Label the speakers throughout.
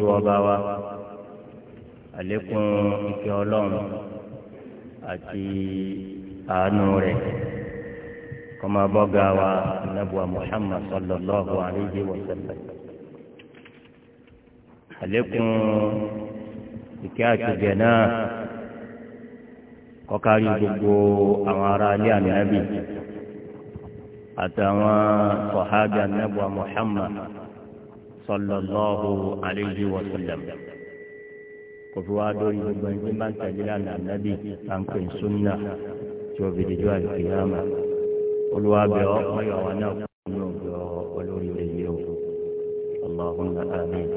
Speaker 1: ìwọba wa àlékún ìkẹ́ ọlọ́run àti àánú rẹ̀ kọ́mọbọ́gà wa nàbùwà Muhammad sallallahu alayhi wa sallam àlékún ìkẹ́ àtúgẹ̀ náà kọ́kárí gbogbo àwọn ará ilé ànábì àtàwọn sọ̀hábì ànábùwà Muhammad sallallahu alayhi wa sallam kòfi wa dórí gbogbo ẹni tí ń bá ń tẹ̀lé lánàá nábì táǹkì sunna tí o fi dìjọ́ àlùkìyàmà olùwàbẹ̀ ọ́ ọ̀yọ̀ wa náà kò ní ọ̀gbẹ́ olórí rẹ̀ yìí o allahumma amin.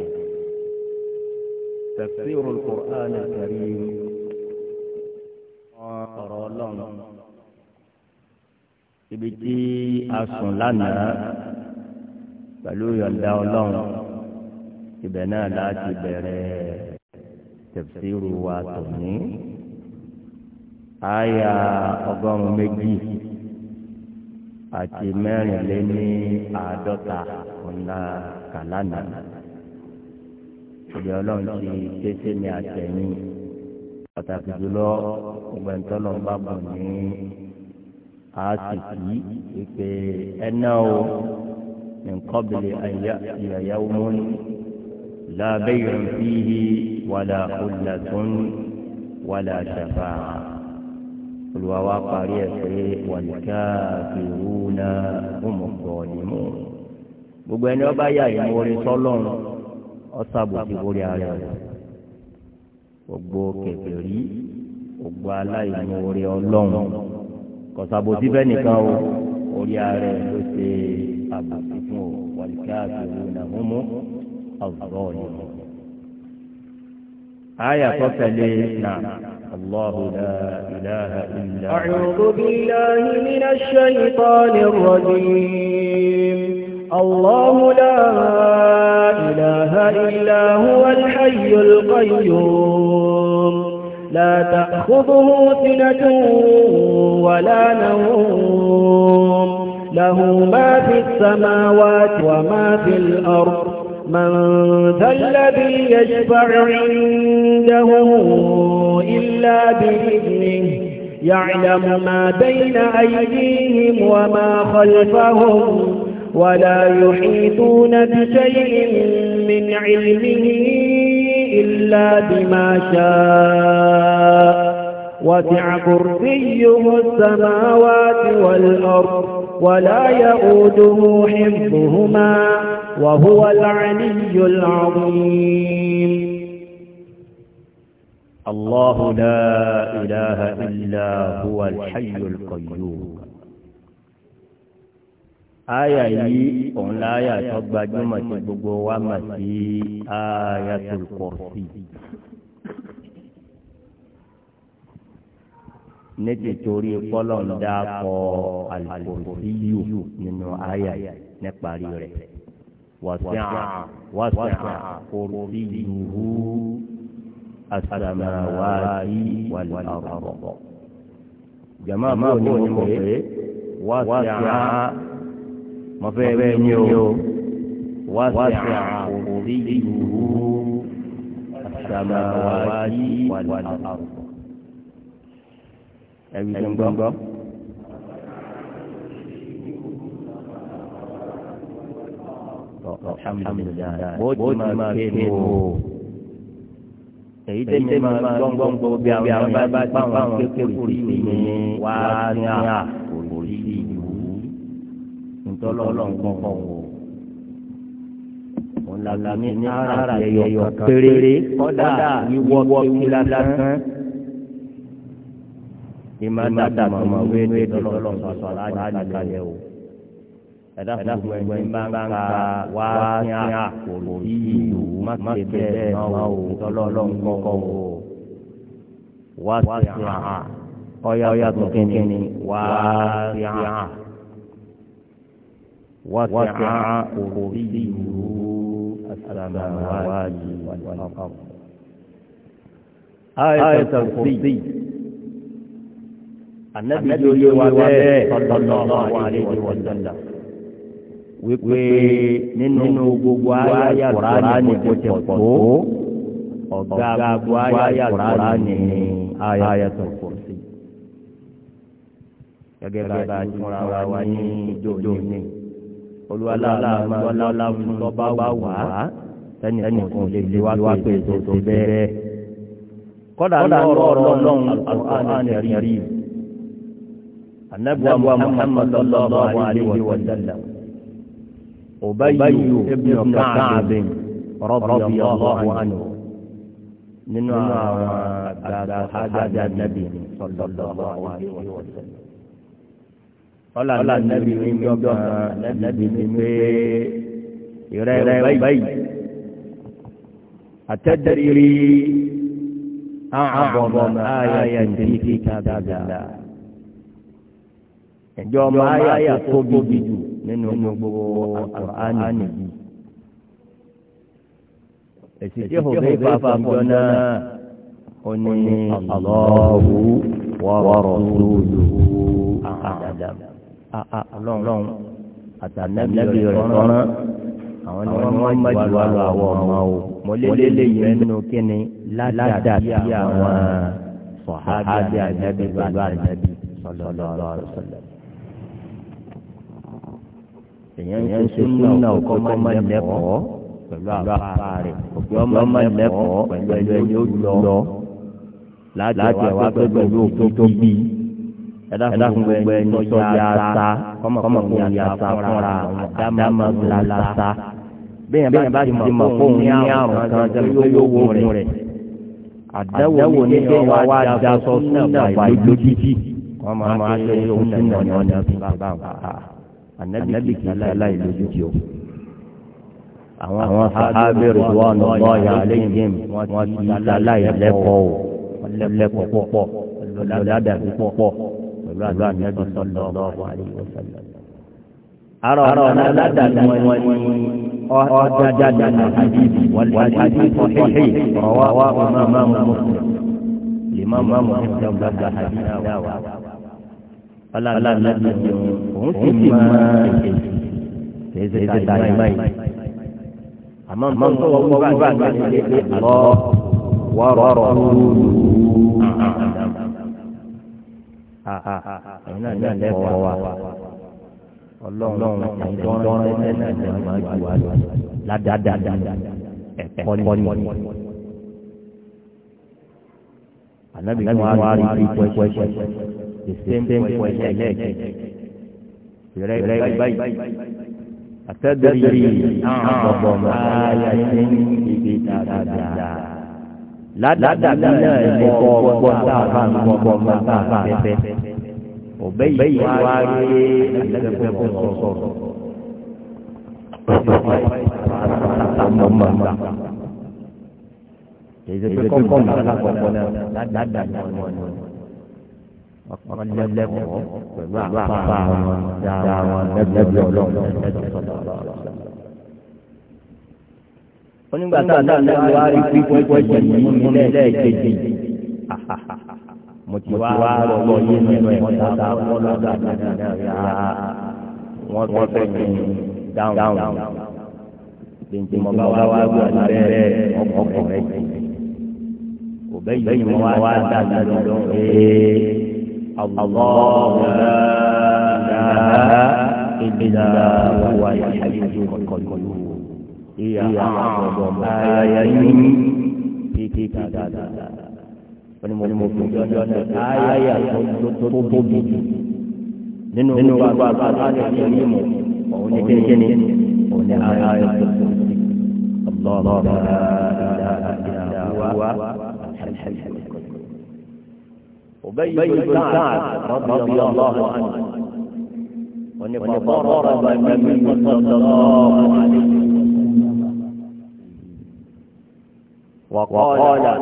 Speaker 1: تفسير القرآن الكريم ọ̀rọ̀ ọlọ́run ibi tí a sùn lánàá pẹ̀lú ìyọ̀ǹda ọlọ́run ibẹ̀ náà láti bẹ̀rẹ̀ tafsiru wa tòní. àyà ọgọ́rùn-ún méjì àti mẹ́rin lé ní àádọ́ta ọ̀nà kàlánà. ìdí ọlọ́run ti kéṣe ní àtẹ̀yìn pàtàkì jùlọ ọgbẹ̀ntọ́nà bá bọ̀ ní àásìkí ìpè ẹ̀nà nǹkan bìlẹ̀ àyà mọ́ni. لا بيع فيه ولا خلة ولا شفاعة الوواقع يسري والكافرون هم الظالمون gbogbo ẹni ọba yà yìí mo rí sọlọ́run ọsàbò ti wọlé ara rẹ gbogbo kèfèrí gbogbo aláìní orí Ọlọ́run kọsàbò tí nìkan o orí ara rẹ ló ṣe àbòsí fún o wàlíkà àti òun náà آية قتلي نعم الله لا إله إلا أعوذ بالله من الشيطان
Speaker 2: الرجيم الله لا إله إلا هو الحي القيوم لا تأخذه سنة ولا نوم له ما في السماوات وما في الأرض من ذا الذي يشفع عنده إلا بإذنه يعلم ما بين أيديهم وما خلفهم ولا يحيطون بشيء من علمه إلا بما شاء وسع كرسيه السماوات والأرض ولا يؤوده حفظهما وهو العلي العظيم
Speaker 1: الله لا إله إلا هو الحي القيوم آية yìí òun láyà tó gbajúmọ̀ tí gbogbo wa mà sí ayatul kursi níbi torí pọ́lọ̀ ń dáa kọ al-kursiyu nínú àyà níparí rẹ̀. وسع وسع كرسيه السماوات والأرض جماعة بوني مفي وسع مفي بنيو وسع كرسيه السماوات والأرض أبي سنقوم alhamdulilayi ìmọ̀ dàda tó máa wé ní ìdọ́lọ́lọ́ sọ̀rọ̀ àjàkálẹ̀ o ẹ̀dá gbogbo ẹni bá ń ka wá sí àkòrò yíyù má ṣe bẹ́ẹ̀ náà o tọ́lọ́lọ́ ń kọ́kọ́ o wá sí àhà ọ̀yà ọ̀yà tó kíni wá sí àhà wá sí àhà àkòrò yíyù asàmàwáyé wàlúwàlú. ayẹ̀tọ̀ sí. النبي يقول وبيه صلى الله عليه وسلم wípé nínú gbogbo àyà Kùránì kò ti pọ̀ tó ọ̀gá gbogbo àyà Kùránì ni àyà tó pọ̀ sí. gẹ́gẹ́ bá a ti múra wa wá ní ìjọ ní olúwaláàlá máa lọ́lá fún lọ́ba wà á ẹnì kan lè lè wá pé tó bẹ́ẹ̀. kọ́dà lọ́rọ̀ ọlọ́run Al-Qur'an Al-Karim. Ànábì wa Muhammad sallallahu alaihi wa Ubayy ibn Ka'b radiyallahu anhu nínú àwọn àgbàgbà sáájà nàbì sallallahu alaihi wa sallam. ọlà nàbì ní gbọ́ngàn nàbì ní pé ìrẹ́ Ubayy atadri a'zama ayatin fi kitabillah ẹjọ́ máa yà tóbi jù nínú gbogbo àkùránì yìí. èsì tí òbí bá fàmjọ náà ó ní Allahu wa rasuluhu a'lam. ọlọ́run àtànẹ́bí rẹ̀ tọ́rán àwọn ni wọ́n máa ń jù wá lọ àwọn ọmọ o. mo lé lè yẹn nínú kíni ládàbí àwọn sọ̀hábí ànábì pẹ̀lú ànábì sallallahu èèyàn ń ṣe súnà ọkọ máa ń lẹ́kọ̀ọ́ pẹ̀lú àbá rẹ̀ òkè máa ń lẹ́kọ̀ọ́ pẹ̀lú ẹni ó lọ láti ẹ̀wá pé pẹ̀lú òkú tó bí ẹ̀dá fún gbogbo ẹni tó ya ta kọ́mọ̀ kó ya ta fúnra àdámà la la ta bẹ́ẹ̀ bẹ́ẹ̀ bá ti mọ̀ fóun ní àrùn kan tẹ́lẹ̀ yóò wò rẹ̀ àdáwò ní kí wọ́n wá da súnà wà lójijì wọ́n máa ń ṣe ohun súnà ní ọ̀nà tó bá wà anabi kì í láláì lójú tí o. àwọn sahabi ridwanullahi alaihim wọn kì í láláì lẹ́kọ̀ọ́ o lẹ́kọ̀ọ́ púpọ̀ lọ́dàbí púpọ̀ pẹ̀lú anabi sallallahu alaihi wasallam. ara ọ̀nà aládàbí wọn ni. وجدد الحديث والحديث صحيح رواه الإمام مسلم الإمام مسلم بدا حديث ọlànàbí òun sì máa èké kìí ṣe tàyè báyìí. àmọ́ nǹkan tó wọ́n gbọ́ wíwá àgbàdo ní pé àlọ́ wọ́rọ̀ lóòlù. Ah, ah, ah, ẹ̀yin náà ní ẹ̀kọ́ wa ọlọ́run ẹ̀dọ́rẹ́ ẹ̀dọ́rẹ́ ẹ̀dọ́rẹ́ máa jù wá lọ ládàádàá ẹ̀kọ́ ni. ànábì kan wá rí i pẹ́pẹ́pẹ́ the same point ẹlẹ́ẹ̀kejì rẹ rẹ báyìí àtẹ́dẹ́rì àwọn ọ̀bọ̀ máa ṣe ń ṣe dáadáa. ládàbí náà ní kọ́ ọgbọ́n tá a bá ń gbọ́ ọmọ tá a bá ń fẹ́. òbẹ́ yìí wá rí ẹ̀ẹ́dẹ́gbẹ́ fún sọ̀rọ̀. Èdè pé kọ́kọ́ máa ń lápapọ̀ náà ládàbí náà ni wọ́n ní ọ̀pọ̀lọpọ̀ pẹ̀lú àpá àwọn dáa wọn lẹ́gbẹ̀ẹ́ ọlọ́run onígbà tá a náà lẹ́nu wá rí pípọ́ ìpọ́jì mú mi lẹ́ẹ̀kejì mo ti wá lọ́wọ́ yé nínú ẹ̀ wọ́n dáadáa wọ́n lọ́dọ̀ àdáadáa yá wọ́n fẹ́ kí dáhùn gbèǹgbè mo bá wá gbé àdúrà rẹ̀ rẹ̀ kò bẹ́ẹ̀ yìí mo wá dáadáa lọ́wọ́ ẹ̀. الله لا إله إلا هو الحي القيوم هي أعظم آيين في كتاب الله onímọ̀tòkò ayé àtọ́tóbi nínú gbogbo àgbàdo àti ìmọ̀ òun ní kékeré òun ní ayé àtọ́tóbi. الله لا إله إلا هو الحي القيوم أبي بن سعد رضي الله عنه ونضرب النبي صلى الله عليه وسلم وقال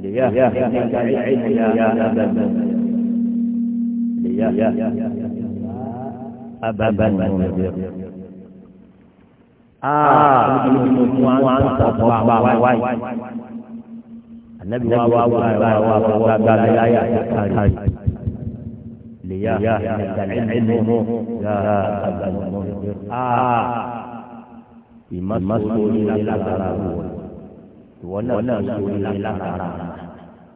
Speaker 1: ليهدك العلم يا أبا ليهدك أبا المنذر آه, آه. آه. آه. آه. آه. آه. آه. anabi wa wa wa wa wa wa wa ba mi láyà àtàkàrí lèyà ẹnìmọ ya àgbàmọ a ìmọ̀sọ̀rọ̀ ní lágbára wò ìwọ náà sọ̀rọ̀ ní lágbára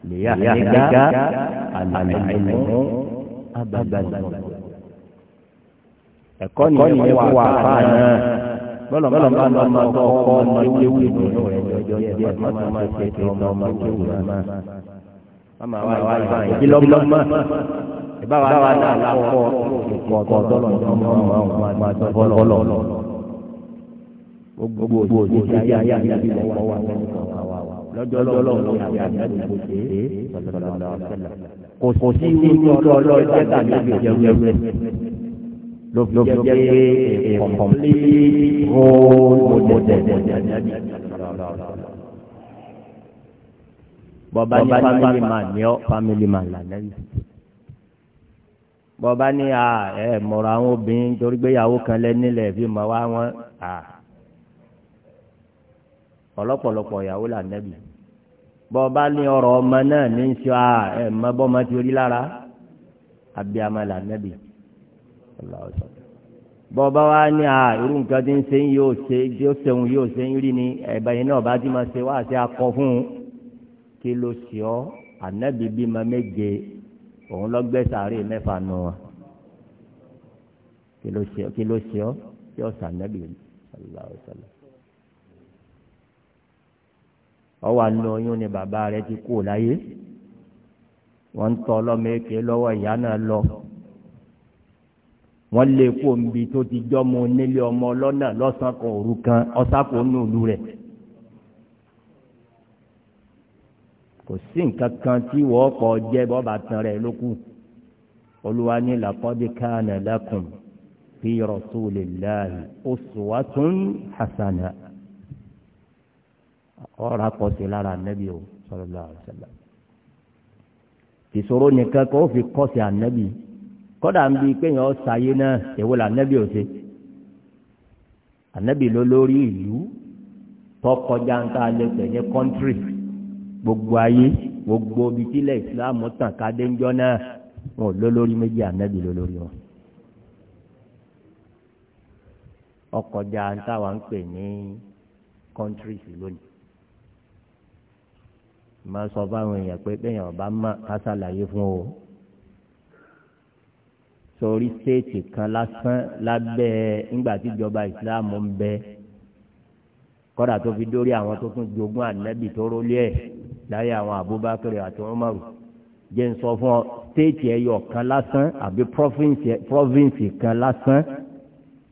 Speaker 1: lèyà ẹnìgá àlàmọ̀ àgbàmọ. ẹ̀kọ́ nìyẹn wà fáà náà bọ́lọ̀ bá lọ bá lọ bá ní ọmọ ọmọ ọmọ ní ọlọ́ọ̀lọ́ jẹ́ ló fi jẹ́ pé ìkọ̀kọ̀mọ́lé hóòlù bọba ní family man ni ọ family man là lẹ́yìn bọba ní a ẹ mọ̀rọ̀ àwọn obìnrin torí pé ìyàwó kan lẹ nílẹ̀ fi mọ̀ wá wọn a ọlọ́pọ̀lọpọ̀ ìyàwó là nẹ́bi bọba ní ọ̀rọ̀ ọmọ náà ní sọ a ẹ mọ bọ́mọ ti rí lára abiyamọ là nẹ́bi bọ́ọ̀bá wa ní à irú nǹkan tí ń ṣe ń yóò ṣe bí ó ṣeun yóò ṣe ń rí ni ẹ̀bà yẹn náà bá ti máa ṣe wá àti akọ fún un kí ló ṣe ọ́ ànábì bímọ méje òun lọ gbé sàárè mẹ́fà nù wọn kí ló ṣe ọ́ kí ló ṣe ọ́ kí ó oyún ni bàbá rẹ ti kú láyé wọ́n ń tọ́ ọlọ́mọ èké lọ́wọ́ ìyá náà lọ wọ́n lé kó ń bi tó ti jọ́ mo nílé ọmọ lọ́nà lọ́sàn kan òru kan ọ̀sákò ń lù rẹ̀. kò sí nǹkan kan tí wọ́n kọ́ jẹ́ bọ́ba tán rẹ̀ lókù olúwa ní làkọ́dé káànà lakum fi rasulillahi uswatun hasana ọ̀rọ̀ akọ̀sí lára nẹ́bí o sallallahu alaihi wasallam ìṣòro nìkan kó fi kọ́sí ànẹ́bí kọ́dà ń bi pé yàn ṣàyé náà èwo là nẹ́bí òsè ànẹ́bí ló lórí ìlú tọkọjá ń ta lè pè ní kọ́ńtírì gbogbo ayé gbogbo ibi tílẹ̀ ìsìlámù tàn ká náà wọn ò ló lórí méjì ànẹ́bí ló lórí wọn. ọkọjá ń táwa ń pè ní kọ́ńtírì lónìí máa sọ fáwọn èèyàn pé bẹ́ẹ̀ ọba má kásálàyé fún o sọrí séètì kan lásán lábẹ́ ńgbà tí ìjọba ìsìláàmù ń bẹ kọ́dà tó fi dórí àwọn tó tún jogún ànábì tó rólé ẹ̀ láyé àwọn Abubakar àti Umaru jẹ́ ń sọ fún ọ séètì ẹyọ kan lásán àbí province kan lásán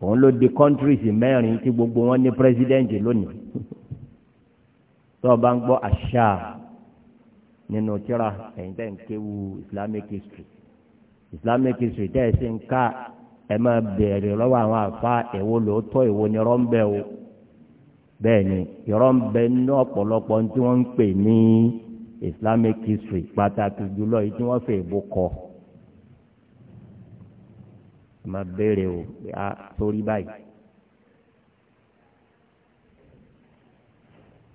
Speaker 1: òun ló di countries mẹ́rin tí gbogbo wọn ní president lónìí tó o bá ń gbọ́ àṣà nínú tíra ẹ̀yìn tẹ̀ ń kéwu Islamic history islamic history tẹ́ ẹ sì ń ká ẹ máa bèèrè lọ́wọ́ àwọn àfa èwo lóòótọ́ èwo ni irọ́ ń bẹ o bẹ́ẹ̀ ni irọ́ ń bẹ ní ọ̀pọ̀lọpọ̀ tí wọ́n ń pè ní islamic history pàtàkì jùlọ yìí tí wọ́n fẹ́ èbó kọ ẹ máa bèèrè o pé a sórí báyìí.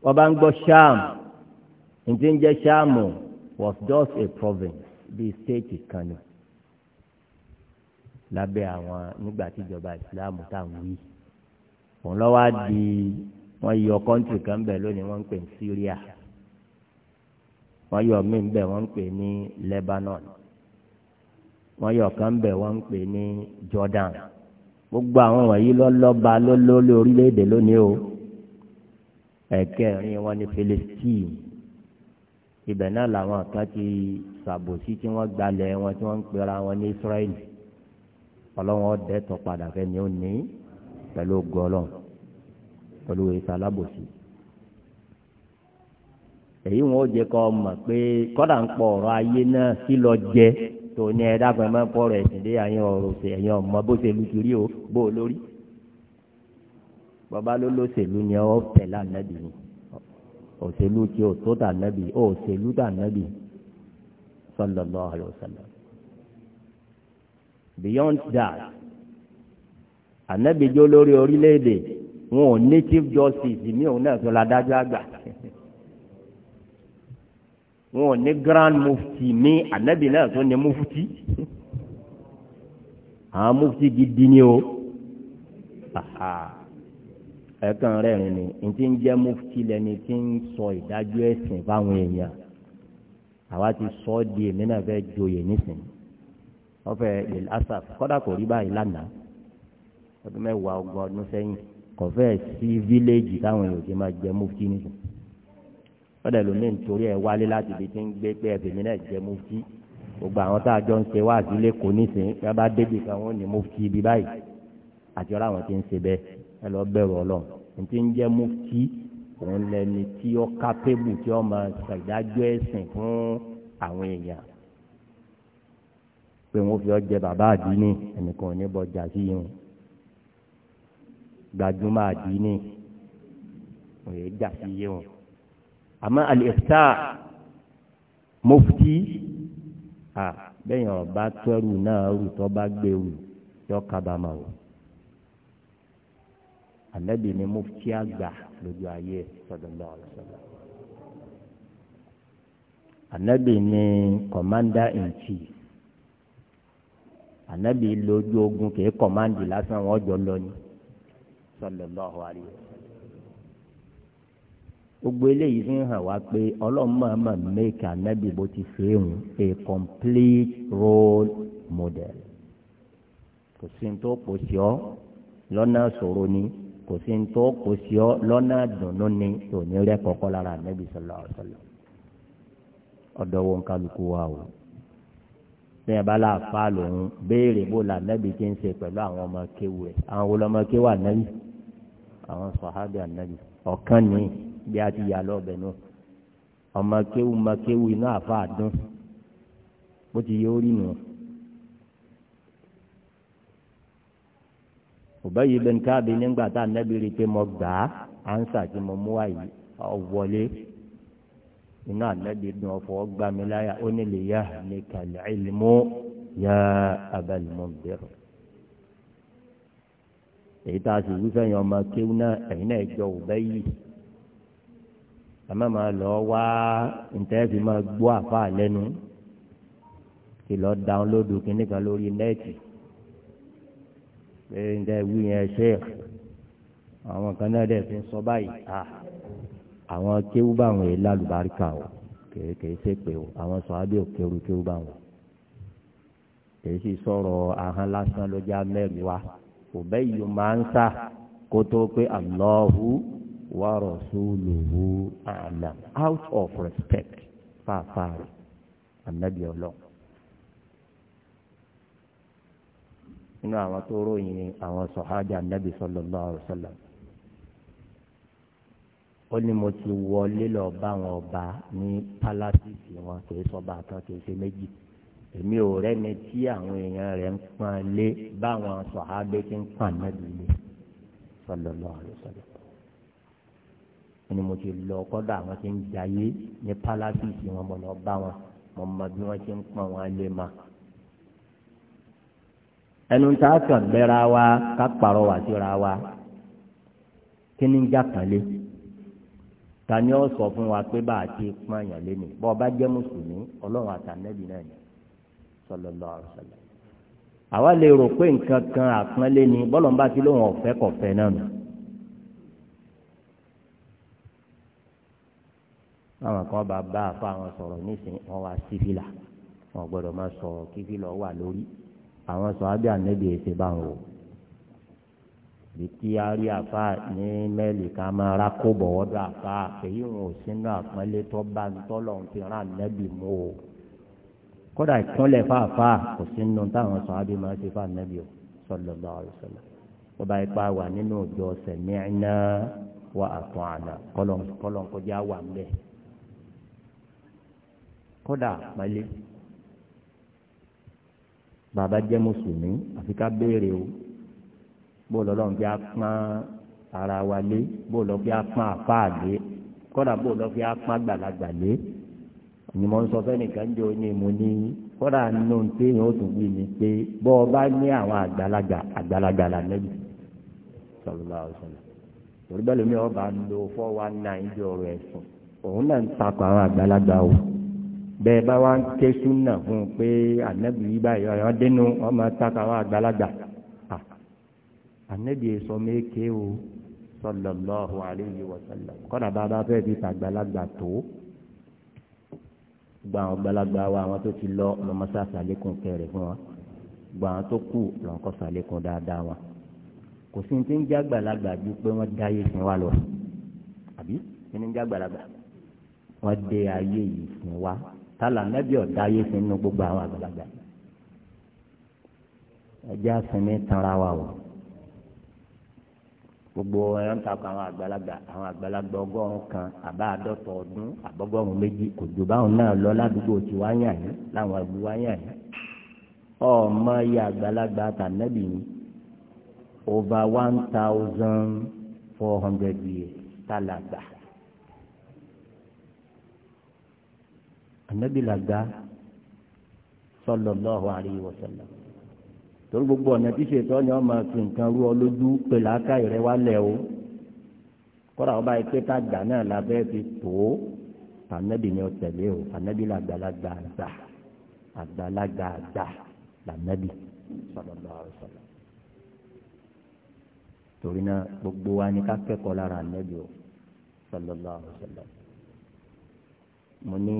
Speaker 1: wọ́n bá ń gbọ́ sham ǹjẹ́ ń jẹ́ sham was just a province bíi state kan ni lábẹ́ àwọn nígbà tí ìjọba ìsìláàmù tá à ń wí. òun lọ́wọ́ di wọ́n yọ kọ́ńtì kan bẹ̀ lónìí wọ́n ń pè ní Syria wọ́n yọ míì bẹ̀ wọ́n ń pè ní Lebanon wọ́n yọ kan bẹ̀ wọ́n ń pè ní Jordan gbogbo àwọn wọ̀nyí lọ́lọ́ba lólórí orílẹ̀-èdè lónìí o ẹ̀kẹrin wọn ni Palestine ibẹ̀ náà làwọn kan ti ṣàbòsí tí wọ́n gbalẹ̀ wọn tí wọ́n ń pera wọn ní Israeli ọlọ́run ọ̀dẹ́ tó padà fẹ́ ni ó ní pẹ̀lú ogun ọlọ́run pẹ̀lú ìta alábòsí. èyí wọn ò jẹ́ kọ́ mọ̀ pé kọ́dà ń pọ̀ ọ̀rọ̀ ayé náà sí lọ jẹ tó ní ẹ dàgbà máa ń pọ̀ ọ̀rọ̀ ẹ̀sìn dé àyàn ọ̀rọ̀ òsè ẹ̀yàn ọ̀mọ bó ṣe lu kiri o bó o lórí. bàbá ló lóṣèlú ni ọ tẹ̀lé ànábì ni òṣèlú tí o tó tà ànábì òṣèlú tà ànábì sallallahu alaihi wasallam beyond that ànábìjọ lórí orílẹ̀-èdè wọn ò native justice mi ò náà tó la dájọ́ àgbà wọn ò ní grand mufti mi ànábì náà tó ní mufti àwọn mufti gidi ni o ẹ̀kan rẹ̀ rìn ni ntí ń jẹ́ mufti lẹ́ni tí ń sọ ìdájọ́ ẹ̀sìn fáwọn èèyàn àwa ti sọ ọ́ di èmi náà fẹ́ joyè nísìnyí ọfẹ lè asaf kódà kò rí báyìí lánàá ọdún mẹ́wàá ọgbọ̀n ọdún sẹ́yìn kò fẹ́ sí fíléèjì táwọn èèyàn ti máa jẹ mufti nìkan ọdẹ lómi nítorí ẹ wálé láti ibi tí ń gbé pé ẹbìnrin náà jẹ mufti gbogbo àwọn tá a jọ ń ṣe wá àdúlé kò nísìnyí bí a bá débi kan wọn ò ní mufti ibi báyìí àti ọ̀rọ̀ àwọn tí ń ṣe bẹ́ẹ̀ ẹ lọ bẹ̀rù ọlọ́run ní ti ń jẹ mufti òun lẹni tí ó kápébù tí ó máa ṣàdájọ́ ẹ̀sìn fún àwọn èèyàn pé wọn fi ọjẹ bàbá àdínì ẹnìkan ò ní bọ jà sí yìí gbajúmọ̀ àdínì wọn yẹ jà sí yìí wọn. àmọ́ àlèkítà mọ́fútì à bẹ́yìn ọba tẹ́rù náà rù tó bá gbé wù yọ kábàámà o. ànábì ni mọ́fútì àgbà lójú ayé sallallahu alaihi wasallam ni commander in chief. ànábì lójú ogun kìí kọ̀máǹdì lásán wọn jọ lọ ni sallallahu alaihi gbogbo eléyìí fi hàn wá pé ma make ànábì bó ti fẹ́ a complete role model kò sí ní tó kò sí ọ lọ́nà ṣòro ni kò sí ní tó kò sí ọ lọ́nà dùnú ni ní kọ́kọ́ lára ànábì o. sẹ́yìn bá láàfáà lòun béèrè bó la nẹ́bi ti ń ṣe pẹ̀lú àwọn ọmọ kéwu rẹ̀ àwọn wo lọ́mọ kéwu ànábì àwọn sọ̀hábì ànábì ọ̀kan ní bí a ti yà lọ́ọ̀bẹ náà ọmọ kéwu ọmọ kéwu iná àfáà dún bó ti yóò rí nù. Ubayy ibn Ka'b nígbà tá ànábì rí i pé mo gbà á ánsà tí mo mú wáyé ọ̀wọ́lé iná ànábì dùn ọ̀fọ̀ gbami láyà ó ní lè yá ní kàlẹ́ ìlmú yá abẹ́lẹ́mú bẹ̀rù. èyí tá a sì wí fẹ́yìn ọmọ kéwú náà ẹ̀yin náà jọ ò bẹ́ yìí àmọ́ lọ wá ntẹ́ẹ̀fì máa gbọ́ àfa lẹ́nu kí lọ́ọ́ dáńlódù kínní kan lórí nẹ́ẹ̀tì pé ntẹ́ẹ̀wì yẹn ṣe àwọn kan náà dẹ̀ fi sọ báyìí ah àwọn kéwú báwọn yìí lálùbáríkà o kèékèé ṣe pé o àwọn sọ̀hábí ò kéwú kéwú báwọn kèé sì sọ̀rọ̀ ahọ́n lásán ló mẹ́rin wa kò yìí máa ń sá kó tó pé Allahu wa rasuluhu a'lam out of respect fáfáà rẹ̀ ànábì ọlọ́run. nínú àwọn tó ròyìn àwọn sọ̀hájà ànábì sallallahu alaihi wasallam ó ní mo ti wọlé lọ bá wọn ọba ní pálásìsì wọn kì í sọba kan kì í ṣe méjì èmi ò rẹ́ni tí àwọn èèyàn rẹ̀ ń pọ́n lé báwọn sọ̀hábẹ́ ti ń pọ́n nábì lé sallallahu alaihi wasallam ni mo ti lọ kọ́dọ̀ àwọn tí ń jayé ní pálásìsì wọn mo lọ bá wọn mo mọ bí wọ́n ti ń pọ́n wọn lé ma. ẹnu tá a kàn bẹ́ra wa ká pàrọwà síra wa kí ni ń jà kan lé ta ni ó sọ fún wa pé bá a ti pọn àyàn lé ní bọ́ ọ jẹ́ mùsùlùmí ọlọ́run àtànẹ́bí náà ni sallallahu alaihi wasallam àwa lè rò pé nǹkan kan àpọ́nlé ni bọ́lọ̀ ń bá ti lóun ọ̀fẹ́ kọ̀fẹ́ náà nù. àwọn kan bá bá àfa àwọn sọ̀rọ̀ nísìnyí wọ́n wá sí fìlà wọ́n gbọ́dọ̀ máa sọ̀rọ̀ kí fìlà wà lórí àwọn sọ̀rọ̀ àbí ànẹ́bí èsè báwọn o bí kí a rí àfa ní mẹ́lì ká máa ra kó bọ̀ ọ́dọ̀ àfa èyí wọn ò sínú àpọ́nlé tó bá ń tọ́lọ̀ ń fi rán nẹ́bì mú o kódà ìkúnlẹ̀ fáfá kò sínú táwọn sọ adé máa ń ṣe fáà nẹ́bì o sallallahu alaihi wasallam ó bá ipa wà nínú òjò sami'na wa ata'na kọ́lọ̀ kọjá wà ń bẹ̀ kódà pálí bàbá jẹ́ mùsùlùmí àfi ká béèrè o bóòlù ọlọ́run bí a pọ́n ara wa lé bóòlù bí a pọ́n àfáà lé kọ́dà bóòlù bí a pọ́n àgbàlagbà lé ni ń sọ fẹ́ nìkan jẹ́ òní mo ní kọ́dà nínú tí yẹn ó tún wí ni pé bọ́ ọ bá ní àwọn àgbàlagbà àgbàlagbà là nẹ́bí sọlọ́lá ọ̀sọ̀lá torí bẹ́ẹ̀ lómi ọba ń lo four one nine bí ọ̀rọ̀ ẹ̀sùn òun náà ń takọ̀ àwọn àgbàlagbà o bẹ́ẹ̀ bá wá ń ké súnà fún un pé ànẹ́bí yìí báyìí ọ̀yọ́ dénú ọmọ takọ̀ àwọn àgbàlagbà ànábì èso méke o sallallahu alayhi wa sallam kọ́nà bàbá fẹ́ẹ́ fi tàgbàlagbà tó gba àwọn gbalagbà wa àwọn tó ti lọ lọmọsá sàlékún kẹrẹ fún wa gba àwọn tó kù lọkọ sàlékún dáadáa wa kò sí ti ń já gbalagbà ju pé wọ́n dá ayé fún wa lọ àbí ẹni ń já gbalagbà wọ́n dé ayé yìí fún wa tálà nẹbí ọdá ayé fún inú gbogbo àwọn àgbàlagbà ẹjẹ àfẹnẹ tanra wa o gbogbo ẹ̀rọ ń takò àwọn àgbàlagbà àwọn àgbàlagbà ọgọ́rùn kan àbá àádọ́ta ọdún àbọ́gọ́rùn méjì kò jù báwọn náà lọ ládùúgbò tí wá yàn yín láwọn ìlú wá yàn yín ọmọ iye àgbàlagbà tànẹ́bì ni over one thousand four hundred years tàlàgbà ànẹ́bì làgbà sallallahu alaihi wasallam torí gbogbo ọ̀nà tí ṣètọ́ ni wọ́n máa fi nǹkan rú ọ lójú pé làákà rẹ wá lẹ̀ o kọ́ra ọba yìí pé tàgbà náà la fẹ́ fi tó ànábì ni ó tẹ̀lé o ànábì làgbàlagbà àgbà àgbàlagbà àgbà lànábì sallallahu alaihi wasallam torí náà gbogbo wa ni ká kẹ́kọ̀ọ́ lára ànábì o sallallahu alaihi wasallam mo ní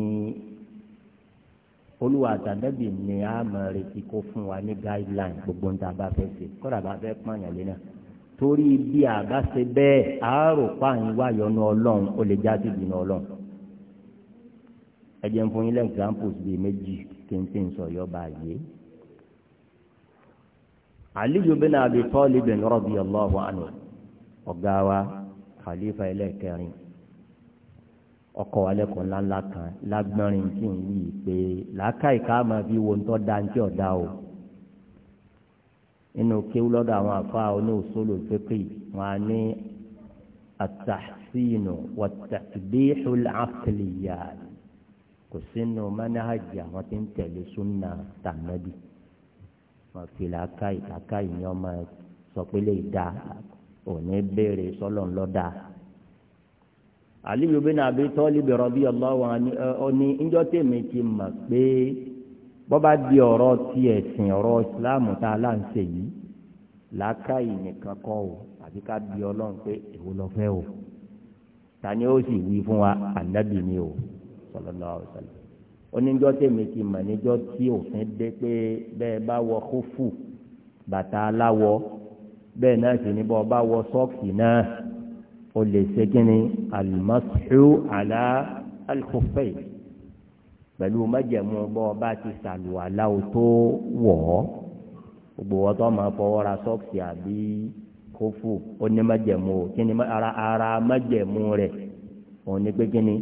Speaker 1: olúwa àtàndẹ́bì ni a máa retí kó fún wa ní guideline gbogbo níta bá fẹ́ ṣe kọ́ra bá fẹ́ pààyàn lé náà torí bí a bá ṣe bẹ́ẹ̀ àárò pààyàn wá yọnu ọlọ́run ó lè já sí ìdùnnú ọlọ́run ẹ jẹ́ ń fún yín examples bíi méjì kí ń sọ yọba yìí. Aliyu bin Abi Talib bin radiyallahu anhu ọ̀gá wa khalifa ẹlẹ́kẹrin ọkọ̀ alẹ́kọ̀ọ́ ńláńlá kan lágbọ́nrin tí ń yí pé làákàyè ká máa fi wo ńtọ́ da ńtí ọ̀dá o nínú kéwú lọ́dọ̀ àwọn afa oníwòsólò pépè wọn á ní àtàsínù wàtàbíhù àkìlìyà kò sínú mánahàjì àwọn tí ń tẹ̀lé súnà tànàbì wọn fi làákàyè làákàyè ni wọn máa sọ pé lè da òní béèrè sọlọ́ńlọ́dà. So aliyu bin abi tọ́líbi rọ́bí ọlọ́wọ́n ọ̀ní ńjọ́ tèmi ti mọ̀ pé bọ́ba di ọ̀rọ̀ ti ẹ̀sìn ọ̀rọ̀ ìsìláàmù tá a là ń ṣe yìí làákàyè nìkan kọ́ o àti ká bi ọlọ́run pé èwo lọ fẹ́ o ta ni ó sì wí fún wa ànábì ni o sallallahu alaihi oníjọ́ tèmi ti mọ̀ níjọ́ tí òfin dé pé bẹ́ẹ̀ bá wọ kófù bàtà aláwọ̀ bẹ́ẹ̀ náà sì ní bọ́ bá wọ sọ́ọ̀kì náà o lè ṣe kíni alimasihu ala alikufai pẹ̀lú májẹ̀mú bọ́ ọ bá ti sàlùwàlá o tó wọ̀ ọ́ gbogbo wọn tó máa fọwọ́ ra sọ́ọ̀sì àbí kófù ó ní májẹ̀mú kíni ara ara rẹ̀ òun ni pé kíni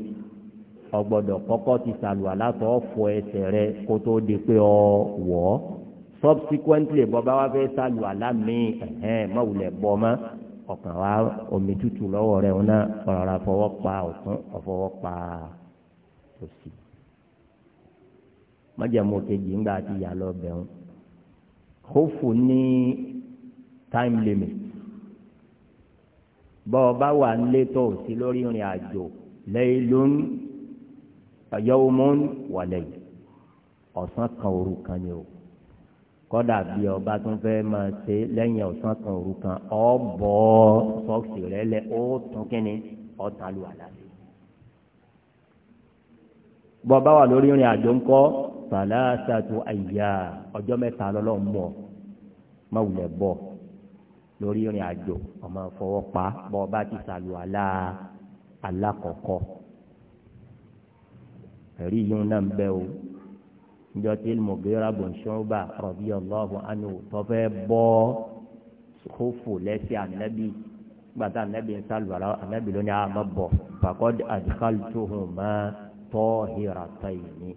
Speaker 1: o kọ́kọ́ ti sàlùwàlá tó fọ ẹsẹ̀ rẹ kó tó di pé ọ wọ̀ ọ́ subsequently bọ́ bá wá fẹ́ sàlùwàlá mi ẹ̀hẹ́n mọ̀wulẹ̀ bọ́ mọ́ ọkàn wa omi tútù lọ́wọ́ rẹ̀ wọn náà ọ̀rọ̀ àfọwọ́ pa ọ̀tún ọ̀fọwọ́ pa òsì májàmú kejì ńgbà àti ìyá lọ bẹ̀rùn kófù ní time limit bọ́ ọ bá wà létò sí lórí ìrìn àjò laylun yawmun wa layl ọ̀sán kan òru kan ni o kọ́dà bí ọba tó ń fẹ́ máa ṣe lẹ́yìn ọ̀sán kan òru kan ọ bọ́ sọ́ọ̀sì rẹ lẹ ó tún kínní ọ̀tá lu àlàyé. bọ́ba wà lórí ìrìn àjò ńkọ́ sàlásàtò àyà ọjọ́ mẹ́ta lọ́lọ́ọ̀ mọ̀ má wulẹ̀ bọ̀ lórí ìrìn àjò ọmọ fọwọ́ pa bọ́ba ti sàlù àlá alákọ̀ọ́kọ́. ẹ̀rí yìí ń náà ń bẹ́ o njọ tí Mugira bun Shu'ba radiyallahu anhu tọ́fẹ́ bọ́ kófò lẹ́sẹ̀ ànábì gbàtà ànábì ń sálùwàlá ànábì lónìí àmọ́ bọ̀ faqad adkhaltuhuma tahirataini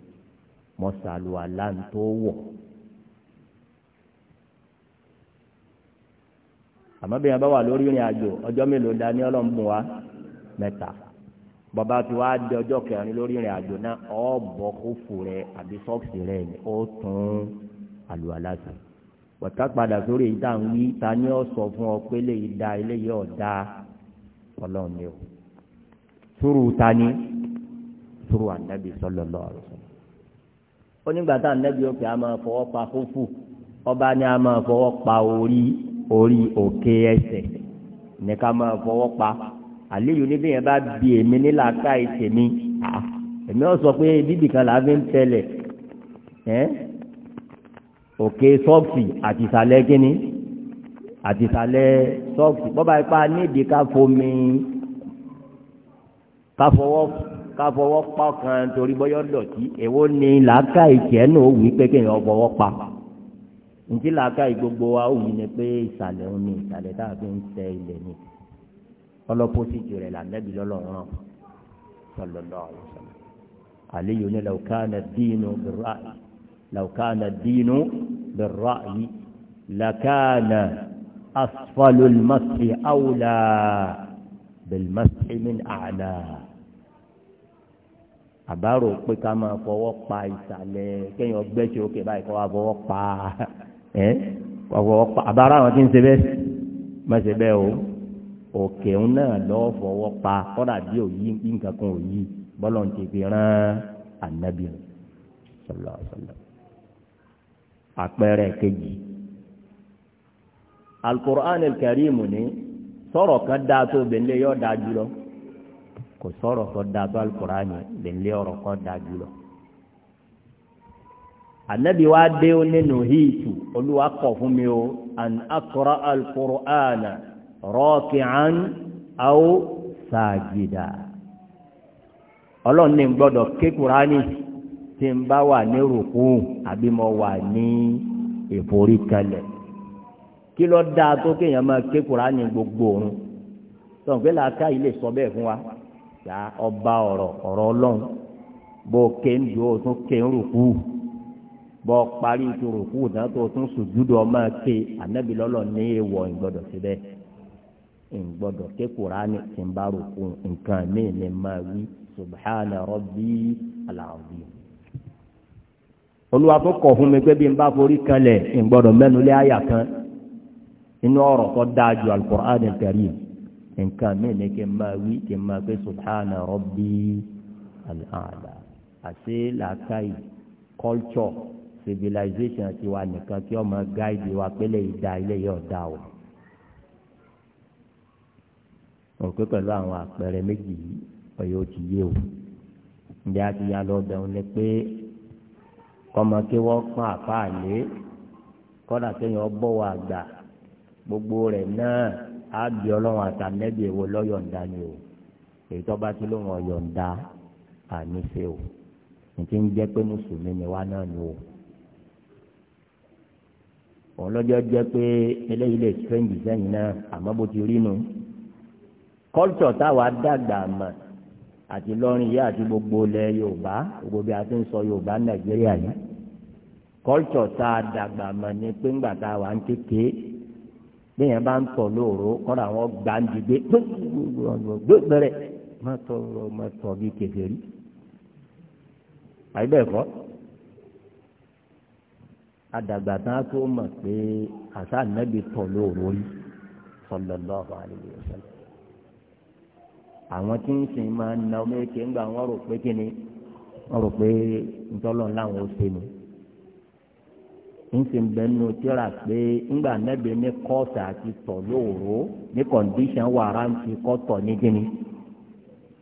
Speaker 1: mọ́sálùwàlá ń tó wọ̀. àmọ́ bí wọn bá wà lórí ìrìn àjò ọjọ́ mélòó dání ọlọ́mbùn wa mẹ́ta bàbá tí wàá di ọjọ́ kẹrin lórí ìrìn àjò náà ọ bọ́ kófò rẹ àbí sọ́ọ̀sì rẹ ni ó tún àlùwàlá sí wọ́tá padà sórí èyí tá à ń wí ta ni ó sọ fún ọ pé eléyìí da eléyìí ọ̀dà ọlọ́run ni o sùúrù ta ni sùúrù ànábì sallallahu alaihi wasallam onígbà tá ànábì òkè a máa fọwọ́ pa fúfú ọba ni a máa fọwọ́ pa orí orí òkè ẹsẹ̀ ní ká máa fọwọ́ pa àléyò ní bẹ́ẹ̀ bá bi èmi nílà ká ìtẹ̀mí èmi ọ̀ sọ pé bíbì kan là á fi ń tẹ̀lẹ̀ òkè sọ́ọ̀kì àti ìsàlẹ̀ kínní àti ìsàlẹ̀ sọ́ọ̀kì bọ́ba ipá nídìí ká fomi ká fọwọ́ ká fọwọ́ pa kan torí bọ́yọ́ dọ̀tí èwo ni làákà ìtẹ̀ náà wí pé kéèyàn fọwọ́ pa ntí làákà ìgbogbo wa ó wí ni pé ìsàlẹ̀ òun ni ìsàlẹ̀ tá a fi ń tẹ ilẹ̀ ni ọlọpọsìtì rẹ là nẹbi lọlọrun sallallahu alaihi wasallam àlejò ní law kana ad-dinu bir-ra'yi law kana ad-dinu bir-ra'yi lakana asfalu al-mas'i awla bil-mas'i min a'la àbárò pé ká máa fọwọ́ pa ìsàlẹ̀ kéèyàn gbẹ́sì òkè báyìí kó wá fọwọ́ pa ẹ́ fọwọ́ pa àbárò àwọn tí ń ṣe bẹ́ẹ̀ má ṣe bẹ́ẹ̀ o òkè ń náà lọ́ọ́ fọwọ́ pa kọ́dà bí òyí nǹkan kan òyí bọ́lọ̀ ń ti fi rán ànábì sallallahu alaihi wasallam àpẹẹrẹ kejì alukur'an karimu ni sọ̀rọ̀ kan dáa tó bẹ̀lẹ́ yọ dáa jùlọ kò sọ̀rọ̀ kan dáa tó alukur'an bẹ̀lẹ́ ọ̀rọ̀ kan dáa jùlọ. anabi wa dé nínú hiitu olúwa kọ̀ fún mi rọ́ọ̀kìán àwọ̀ sàgìdà ọlọ́run ní gbọ́dọ̀ ké Kùránì tí ń bá wà ní rùkú àbí wà ní ìforíkalẹ̀ kí ló dáa tó kéèyàn máa ké gbogbo òun tọ̀gbẹ́ làákà yìí lè sọ bẹ́ẹ̀ fún ya ọba ọ̀rọ̀ ọ̀rọ̀ ọlọ́run bó ké ń ké ń rùkú bọ́ parí tó tún ọmọ ké ànábìlọ́lọ́ ìgbọ́dọ̀ ké kuraani tí n bá rúkú nǹkan mi ni máa wí subhana rabbi alaabi. olúwa tó kọ̀ fún mi pé bí n bá forí kanlẹ̀ ìgbọ́dọ̀ mẹ́nu lé àyà kan inú ọ̀rọ̀ tó dáa ju alukuraani karim mi ni kí n máa wí kí n máa pé subhana rabbi alaala. àti làákàyè culture civilization tiwa nìkan tí ọmọ gáìdì wa pélé ìdá ilé yóò dá o. òpè pẹ̀lú àwọn àpẹẹrẹ méjì yìí ọ̀yọ́ ti yé o ǹjẹ́ a ti ya lọ bẹ̀rù ni pé kọ́mọ kí wọ́n pọ́n àpá àlé kọ́dà kéèyàn gbà gbogbo rẹ̀ náà á bí ọlọ́run àtàlẹ́bí èwo lọ́yọ̀ǹda ni o èyí tó bá ti ọ̀yọ̀ǹda àníṣe o nítí ń jẹ́ pé mùsùlùmí ni wá náà ni o ti rí kọ́lítọ̀ táwa dàgbà mọ̀ àti lọ́rin yìí àti gbogbo ilẹ̀ yorùbá gbogbo bí a ti ń sọ yorùbá nàìjíríà yìí kọ́lítọ̀ tá a dàgbà mọ̀ ni pé ńgbà táwa ń kéke bẹ́ẹ̀ bá ń tọ̀ lóòró kọ́ra àwọn gbàǹdìgbé gbẹ́gbẹ́rẹ́ má tọ̀ má tọ̀ bí kèfèrí àyè bẹ́ẹ̀ kọ́ adàgbà tán tó mọ̀ pé àṣà nàbì tọ̀ lóòró yìí sallallahu alaihi wasallam àwọn tí ń sìn máa ń na ọmọ èké ńgbà wọn rò pé kíni wọn rò pé ntọ́lọ̀ làwọn ò ṣe nù ń sìn bẹ́ẹ̀ nù tíra pé ńgbà nẹ́bẹ̀ẹ́ ní kọ́ọ̀tà àti tọ̀ lóòró ní kọ̀ǹdíṣàn wàrà ń fi kọ́tọ̀ ní kíni.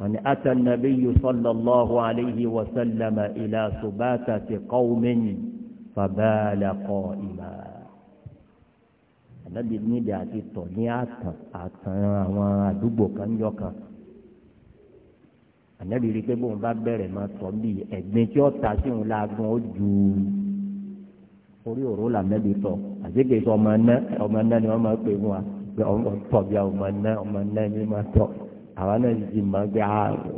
Speaker 1: من أتى النبي صلى الله عليه وسلم إلى سباتة قوم فبال قائما النبي níbi àti tọ̀ ní àtàn àtàn àwọn àdúgbò kan yọ kan ànábì rí i pé bóun bá bẹ̀rẹ̀ máa tọ́ bí ẹ̀gbin tí ó ta sí òun láagun ó ju orí òró làmẹ́bí tọ̀ àṣekè sọ ọmọ ná ọmọ ná ni wọ́n máa pè fún wa pé ọmọ tọ̀ bí ọmọ ná ọmọ ná ni máa tọ̀ àwa náà sì ti máa gbé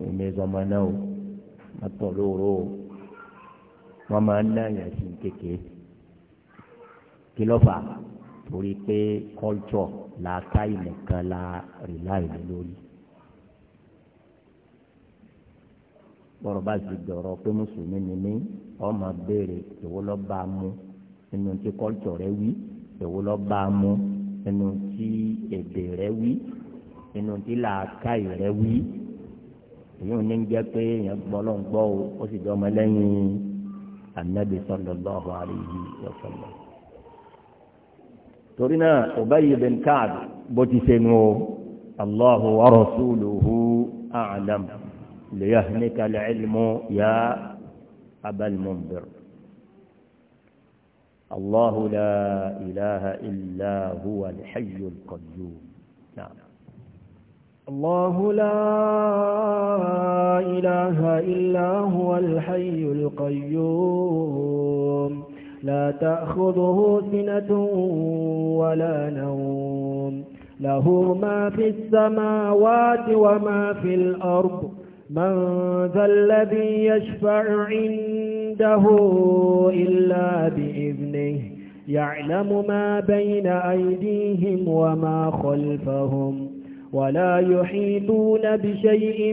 Speaker 1: ẹ̀mí ọmọ náà o máa tọ̀ lóòró o wọ́n máa ná yẹn sí kékeré kí ló fà torí pé culture làákàyè nìkan la rely lórí. bọ́rọ̀ bá ti dọ̀rọ̀ pé mùsùlùmí ni mí ọmọ béèrè èwo ló bá a mú nínú tí kọ́lítọ̀ rẹ wí èwo ló bá a mú nínú tí èdè rẹ wí nínú tí làákàyè rẹ wí èyí ò ní jẹ́ pé èèyàn gbọ́ ló gbọ́ o ó sì jọ ọmọ lẹ́yìn anabi sallallahu alayhi wa sallam. torí náà Ubayy bin Ka'b bó ti ṣe nu o Allahu wa a'lam. ليهنك العلم يا أبا المنذر الله لا إله إلا هو الحي القيوم نعم
Speaker 2: الله لا إله إلا هو الحي القيوم لا تأخذه سنة ولا نوم له ما في السماوات وما في الأرض من ذا الذي يشفع عنده إلا بإذنه يعلم ما بين أيديهم وما خلفهم ولا يحيطون بشيء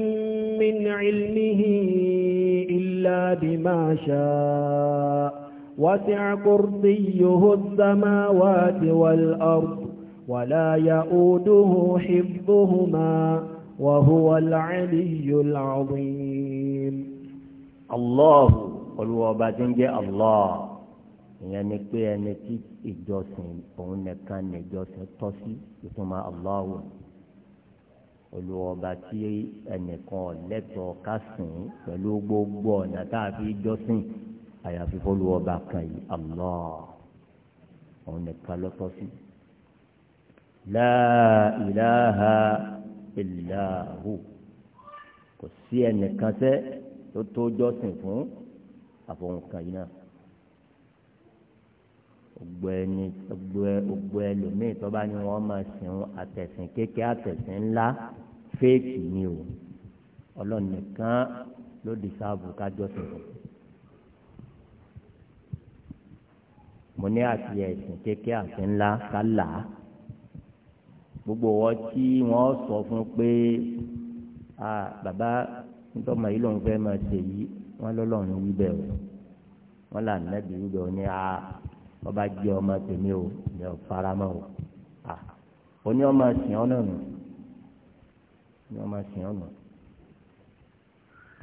Speaker 2: من علمه إلا بما شاء وسع كرسيه السماوات والأرض ولا يؤوده حفظهما وهو العلي العظيم
Speaker 1: الله olùwọba tí ń jẹ́ allah ìyẹn ni pé ẹni tí ìjọsìn òun nìkan ní ìjọsìn tọ́ sí ìtumọ̀ allahu olùwọba tí ẹnìkan lẹ́tọ̀ọ́ ká sìn pẹ̀lú gbogbo ọ̀nà tá a fi jọ́sìn àyàfi fọlùwọba kan yìí allah òun nìkan lọ́tọ́ sí. la ilaha ìlàhù kò sí ẹnìkan sẹ́ tó tó jọ́sìn fún àfọ̀nkàn yìí náà gbogbo ẹni gbogbo ẹ gbogbo ẹlòmíì tó bá ní wọn máa sìn àtẹ̀sìn kékeré àtẹ̀sìn ńlá fèèkì ni o ọlọ́run nìkan ló di sáàbù kájọ́sìn fún mo ní àti ẹ̀sìn kékeré àti ńlá kálá gbogbo wọn tí wọn sọ fún pé a bàbá nítorí màá yìí lòun fẹ́ máa ṣe yìí wọn lọ́lọ́run wí bẹ́ẹ̀ o wọn là nẹ́bí wí bẹ́ẹ̀ o ní a ọba jẹ́ ọmọ tèmi o ní o faramọ́ o a o ní ọmọ sìn ọ́ náà nù ní ọmọ sìn ọ́ nù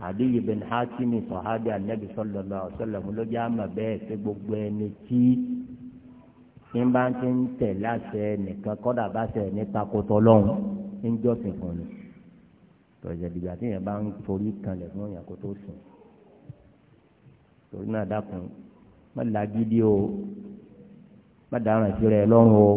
Speaker 1: àdéhìí bẹ̀rẹ̀ hásìmì sọ̀hádìí ànẹ́bí sallallahu alaihi wasallam àmà bẹ́ẹ̀ pé gbogbo ẹni tí tí ń tẹ̀ láṣẹ nìkan kọ́dà bá ṣe nípa kótó lọ́hùn ń jọ́sìn fún ni tọ̀jẹ̀ dìgbà tí yẹn bá ń forí kanlẹ̀ fún yẹn kó tó sùn torí náà dákun má lagídí o má dáràn sí rẹ lọ́rùn o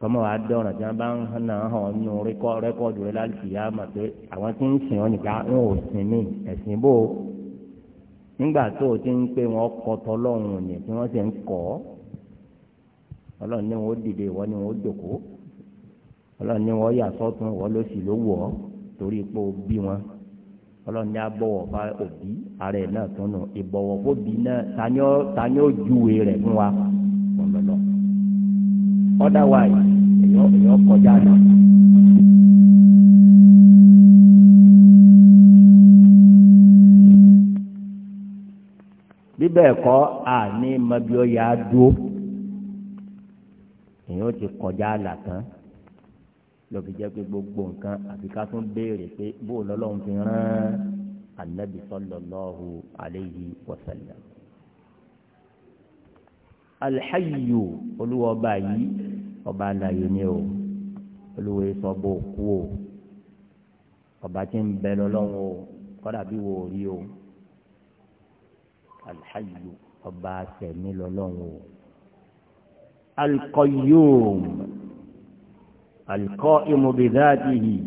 Speaker 1: kọ́mọ wa dọ̀ràn tí wọ́n bá ń hànà hàn nínú rẹ́kọ́ọ̀dù rẹ láti yá mà pé àwọn tí ń sìn ọ́ nìkan ń ò sìn mí ẹ̀sìn bò nígbà tó o ti ń pé wọ́n kọ́ tọ́lọ́run ni ọlọ́run ní wọn ó dìde ìwọ ní wọn ó jòkó ọlọ́run ní wọn ó yà sọ́tún ìwọ ló sì ló wọ̀ ọ́ torí pé o bí wọn ọlọ́run ní abọ́wọ̀ fa òbí ara ẹ̀ náà tún nù ìbọ̀wọ̀ fóbi náà tani ó júwe rẹ̀ fún wa ọ̀lọ́lọ́ otherwise èèyàn kọjá náà. bíbẹ̀ ẹ̀kọ́ àní mọ̀bí ọ̀yà dúró èèyàn ó ti kọjá àlà tán lọ́bi jẹ́ pé gbogbo nǹkan àfi ká tún béèrè pé bó lọ́lọ́run fi rán anabi sallallahu alayhi wa sallam. alḥayu olúwa ọba yìí ọba aláyé ni o olúwa sọ bó kú o ọba tí ń bẹ lọ́lọ́run o kọ́dà bí wò ó rí o alḥayu ọba sẹ̀mí lọ́lọ́run o. القيوم القائم بذاته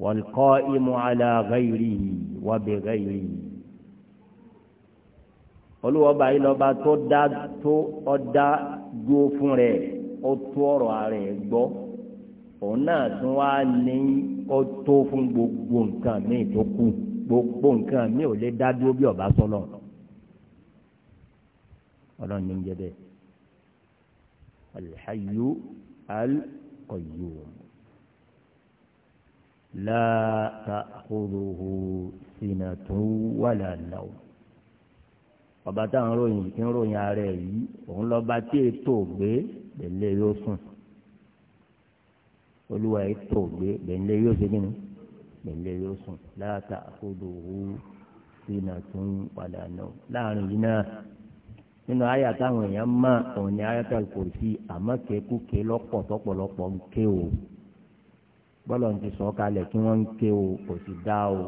Speaker 1: والقائم على غيره وبغيره olúwọ́ báyìí lọ́ba tó dá tó ọ̀dá dúró fún rẹ̀ ó tó ọ̀rọ̀ rẹ̀ gbọ́ òun náà tún wá ní ó tó fún gbogbo nǹkan míì tó kù gbogbo nǹkan míì ò lè dá dúró bí ọba sọlọ ọlọ́run ní ń jẹ bẹ́ẹ̀. الحي القيوم لا تأخذه sinatu ولا náà ọba táwọn ròyìn tí ń ròyìn ààrẹ yìí òun lọ́ba tí ètò gbé gbẹ̀lẹ́ yóò sùn olúwa ètò gbé gbẹ̀lẹ́ yóò ṣe kíni gbẹ̀lẹ́ yóò sùn láta àkóhóhó sinatu wàlà náà láàrin yìí náà nínú àyà táwọn èèyàn mọ òun ni àyà kò sí àmọ́ kéku ké lọ́pọ̀ tọ́pọ̀lọpọ̀ ń ké o bọ́lọ̀ ń ti sọ kalẹ̀ kí wọ́n ń ké o kò sì dá o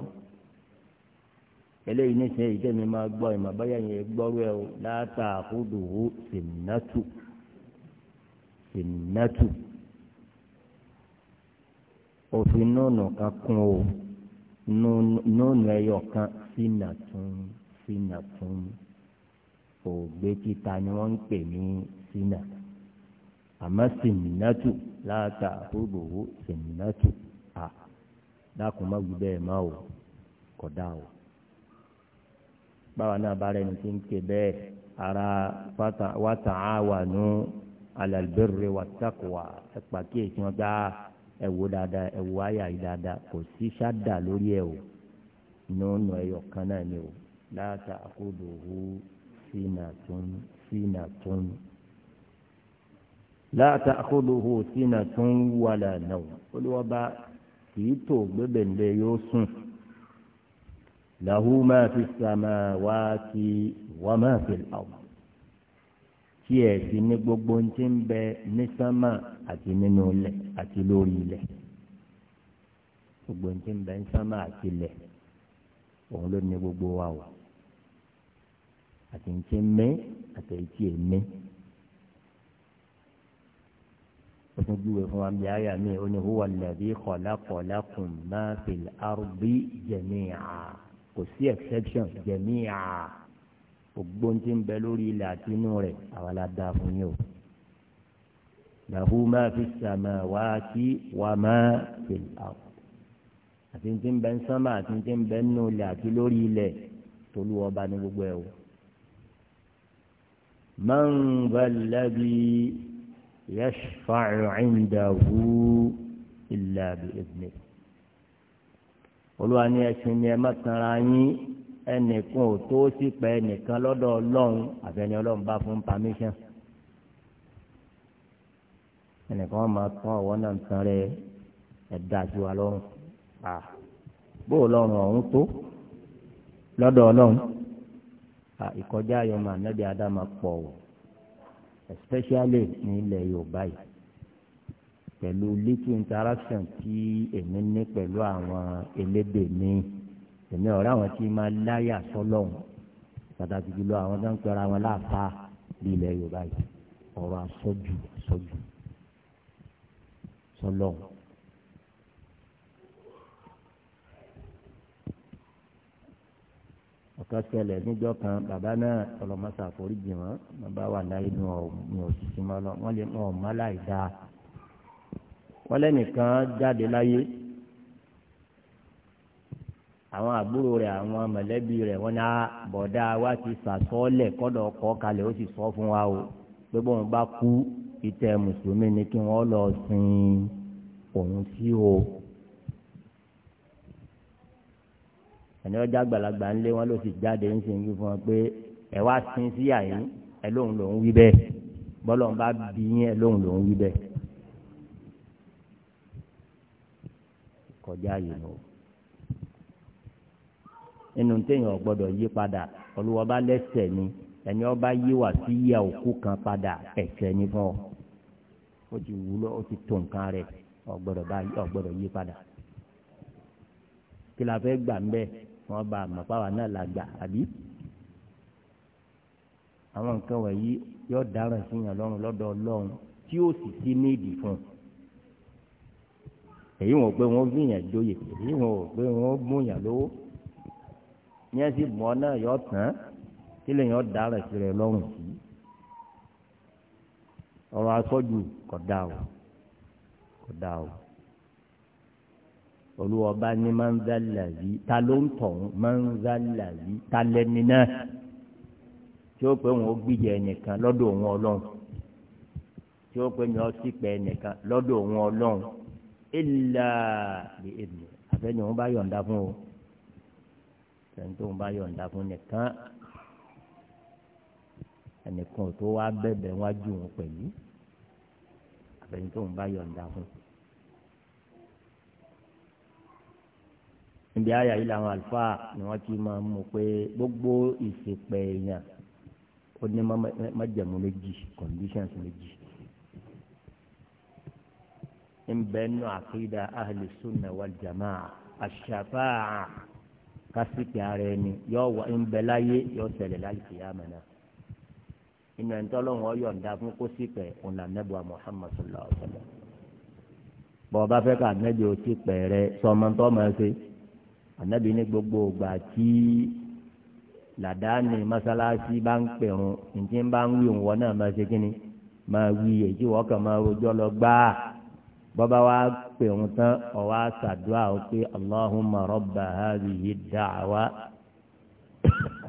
Speaker 1: eléyìí ní sẹ́yìn ìjẹ́ máa gbọ́ ìmọ̀ báyà yẹn gbọ́rú ẹ o láta àkúdùwò sèmínátù sèmínátù òfin nùnù kan kún o nùnù ẹyọ kan sínà tún sínà tún òògbé títa ni wọ́n ń pè ní sínà àmọ́ sèmínátù láta àkóbòwò sèmínátù à dákun má gbúdọ̀ ẹ̀ má o kódà o. báwa náà bá rẹ̀ ní ń ké bẹ́ẹ̀ ara wàtà àwànú alàlùbẹ́rẹ̀ wàtàkùwà ẹ̀pà kíyèsí wọn gbá ẹ dáadáa ẹ wò yìí dáadáa kò sí ṣáda lórí ẹ o nínú ẹyọ kan náà ni o láta àkóbòwò sinatun sinatun لا تأخذه sinatun ولا نوم olùwọ́ba kì í tó gbẹ́bẹ̀ǹdẹ̀ yóò sùn lahu ma fi samawati wa ma fi al-ard tí ẹ sì ní gbogbo ń ti ń bẹ ní sánmà àti nínú ilẹ̀ àti lórí ilẹ̀ gbogbo ń ti ń bẹ ní sánmà àti ilẹ̀ òun ló ní gbogbo wa wà àti ntí mí àti ntí èmi. ó tún júwe fún wa bí àyà mi ó ní huwa alladhi khalaqa lakum ma fil ardi jami'a kò sí exception jami'a gbogbo ntí ń bẹ lórí ilẹ̀ àti inú rẹ̀ àwa la dá fún yín o. lahu ma fi samawati wa ma fil ardi àti ntí ń bẹ ń sánmà àti ntí ń bẹ ń nù ilẹ̀ àti lórí ilẹ̀ tolú ọba ní gbogbo ẹ̀ o. من ذا الذي يشفع عنده إلا بإذنه olúwa ni ẹsìn ni ẹ má tanra yín ẹnìkan ò tó sì pẹ ẹnìkan lọ́dọ̀ Ọlọ́run àfẹnì Ọlọ́run bá fún pàmíṣàn ẹnìkan wọn máa tán ọwọ́ náà tán rẹ ẹ̀dá sí wa lọ́rùn bó Ọlọ́run ọ̀hún tó lọ́dọ̀ Ọlọ́run ìkọjá ayọ̀mọ̀ ànábì adama pọ̀ o especially ní ilẹ̀ yorùbá yìí pẹ̀lú little interaction tí èmi ní pẹ̀lú àwọn elédè mi èmi ọ̀rẹ́ àwọn tí máa láyà sọlọ́hún pàtàkì jùlọ àwọn tó ń pẹ́ra wọn láàfà ní ilẹ̀ yorùbá yìí ọ̀rọ̀ àsọjù àsọjù sọlọ́hún. ọ̀kan ṣẹlẹ̀ níjọ́ kan bàbá náà ọlọ́mọṣà foríjì wọn bàbá wà láyé ní ọ̀mí òṣìṣẹ́ mọ́ lọ wọ́n lè mọ ọ̀mọ́ láì dáa wọ́n lẹ́nìkan jáde láyé àwọn àbúrò rẹ̀ àwọn mọ̀lẹ́bí rẹ̀ wọ́n náà ah, bọ̀dá wa ti sàsọ́ọ́lẹ̀ kọ́dọ̀ ọkọ̀ kalẹ̀ ó sì sọ fún wa o pé bóun bá kú ìtẹ̀ mùsùlùmí ni kí wọ́n lọ sin òun sí o. ẹni ọjà àgbàlagbà ńlé wọn ló sì jáde ń sìn fún wọn pé ẹ wá sin sí àyín ẹ lóun lòún wí bẹ́ẹ̀ bọ́lọ̀ ń bá bí yín ẹ lóun lòún wí bẹ́ẹ̀. kọjá yìí nù. inú téèyàn gbọ́dọ̀ yí padà olùwọ́ba lẹ́sẹ̀ ni ẹni ọba yíwà sí yíya òkú kan padà ẹ̀ṣẹ̀ ni fún ọ ó ti wúlò ó ti tó nǹkan rẹ̀ ọ̀gbọ́dọ̀ bá yí padà kí la fẹ́ gbà ń bẹ́ẹ̀ wọn bá àmọ́ pàwọn náà là gbà àbí. àwọn nǹkan wọ̀nyí yóò dáràn sí yàn lọ́rùn lọ́dọ̀ ọlọ́run tí ó sì sí nídìí fún un. èyí wọn ò pé wọn fìyàn joyè èyí wọn ò pé wọn mú yàn lówó ní ẹ sì náà yọ tán kí lèyàn dáràn sí rẹ lọ́rùn sí. ọ̀rọ̀ asọ́jú kódà o kódà o olùwọ́ba ní manzalazi ta ló ń tọ̀ manzalazi ta lẹ́ni náà tí ó pé wọn ó gbìyà ẹnìkan lọ́dọ̀ òun ọlọ́run tí ó pé mi ọ sí pé ẹnìkan lọ́dọ̀ òun ọlọ́run ìlà lè èmi àfẹ́ni òun bá yọ̀ǹda fún o tẹ̀ǹtẹ̀ òun bá yọ̀ǹda fún nìkan ẹnìkan tó wá bẹ̀bẹ̀ wájú òun pẹ̀lú àfẹ́ni tó òun bá yọ̀ǹda fún o. níbi àyà yìí làwọn àlùfáà ni wọ́n ti máa mú pé gbogbo ìsìnpẹ̀ èèyàn ó ní májẹ̀mú méjì conditions méjì nbẹnu àkídà ahli sunna wal jamaa aṣàfáà kásìkì ara ẹni yóò wọ nbẹláyé yóò ṣẹlẹ̀ lálùkìyàmẹ́nà inú ẹ̀ ń tọ́lọ́wọ́n yọ̀ǹda fún kóṣìpẹ̀ ọ̀nà nẹ́bùà Muhammad sallallahu alaihi wasallam bọ́ọ̀ bá fẹ́ ká nẹ́bí o ti pẹ̀ rẹ sọmọ́ntọ́ máa ṣe ànábì ní gbogbo ìgbà tí làdáni mọ́sálásí bá ń pèrún ntí bá ń wí òun náà máa ṣe kínní máa wí èyí wọ́n kàn máa rojọ́ lọ gbáà bọ́ba wa pèrún tán ọ̀wá sàdúrà ó pé allahumma rabba hadhihi da'wa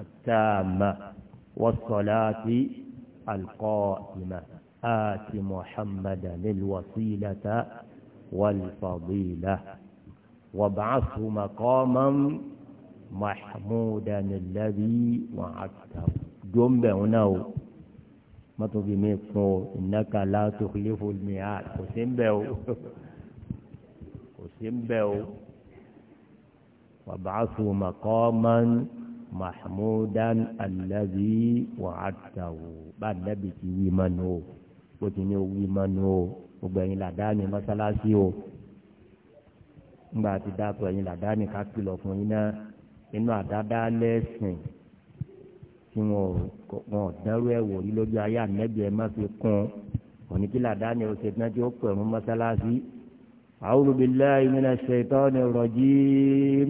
Speaker 1: at-tamma was-salati al-qa'ima ati muhammadan al-wasilata wal-fadila wàbàásù màkọ́mọ́m mahmudan alladhi wàhátà jọ́mbẹ̀ ń náà o mọ́tò fi mí kún o innaka la tukhlifu al-mi'ad kò sí ń bẹ̀ o kò sí ń bẹ̀ o wàbàásù màkọ́mọ́m mahmudan alladhi wàhátà o bá nàbì ti wí mọ́nu o bó ti ní o wí mọ́nu o gbogbo ẹ̀yin làdá ni mọ́sálásí o ńgbà àti dáàtọ ẹ̀yin làdá ní ká kìlọ̀ fún yín náà inú àdáda lẹ́sìn tí wọn ò dánrú ẹ̀ wò yí lójú ayé ànẹ́bí ẹ̀ má fi kún òní kí làdá ní oṣù tí wọn ti ó pè mú mọ́sálásí. أعوذ بالله من الشيطان الرجيم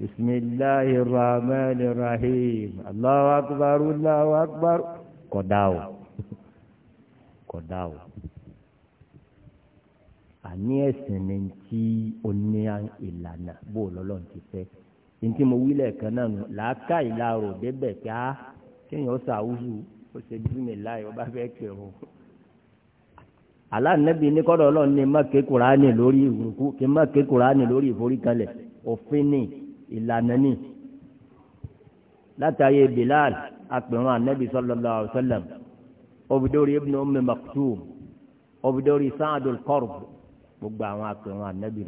Speaker 1: بسم الله الرحمن الرحيم الله أكبر الله أكبر kọ̀dá o kọ̀dá o àní ẹ̀sìn ni tí ó ní ìlànà bó lọ́lọ́run ti fẹ́ ntí mo wí lẹ́ẹ̀kan náà nù làákà ìlàrò débẹ̀ pé á kéèyàn ṣàwùjù ó ṣe bímìlá yìí ó bá fẹ́ pè ó. aláǹdẹ́bí ní kọ́dọ̀ ọlọ́run ní má ké kuraani lórí ìrùkú kí má ké kuraani lórí ìforíkalẹ̀ òfin ni ìlànà ni. látàyè Bilal apẹ̀rún anabi sallallahu alaihi obìdórí ibn Umm Maktum obìdórí Sa'dul Qurb gbogbo àwọn akẹwọn anabi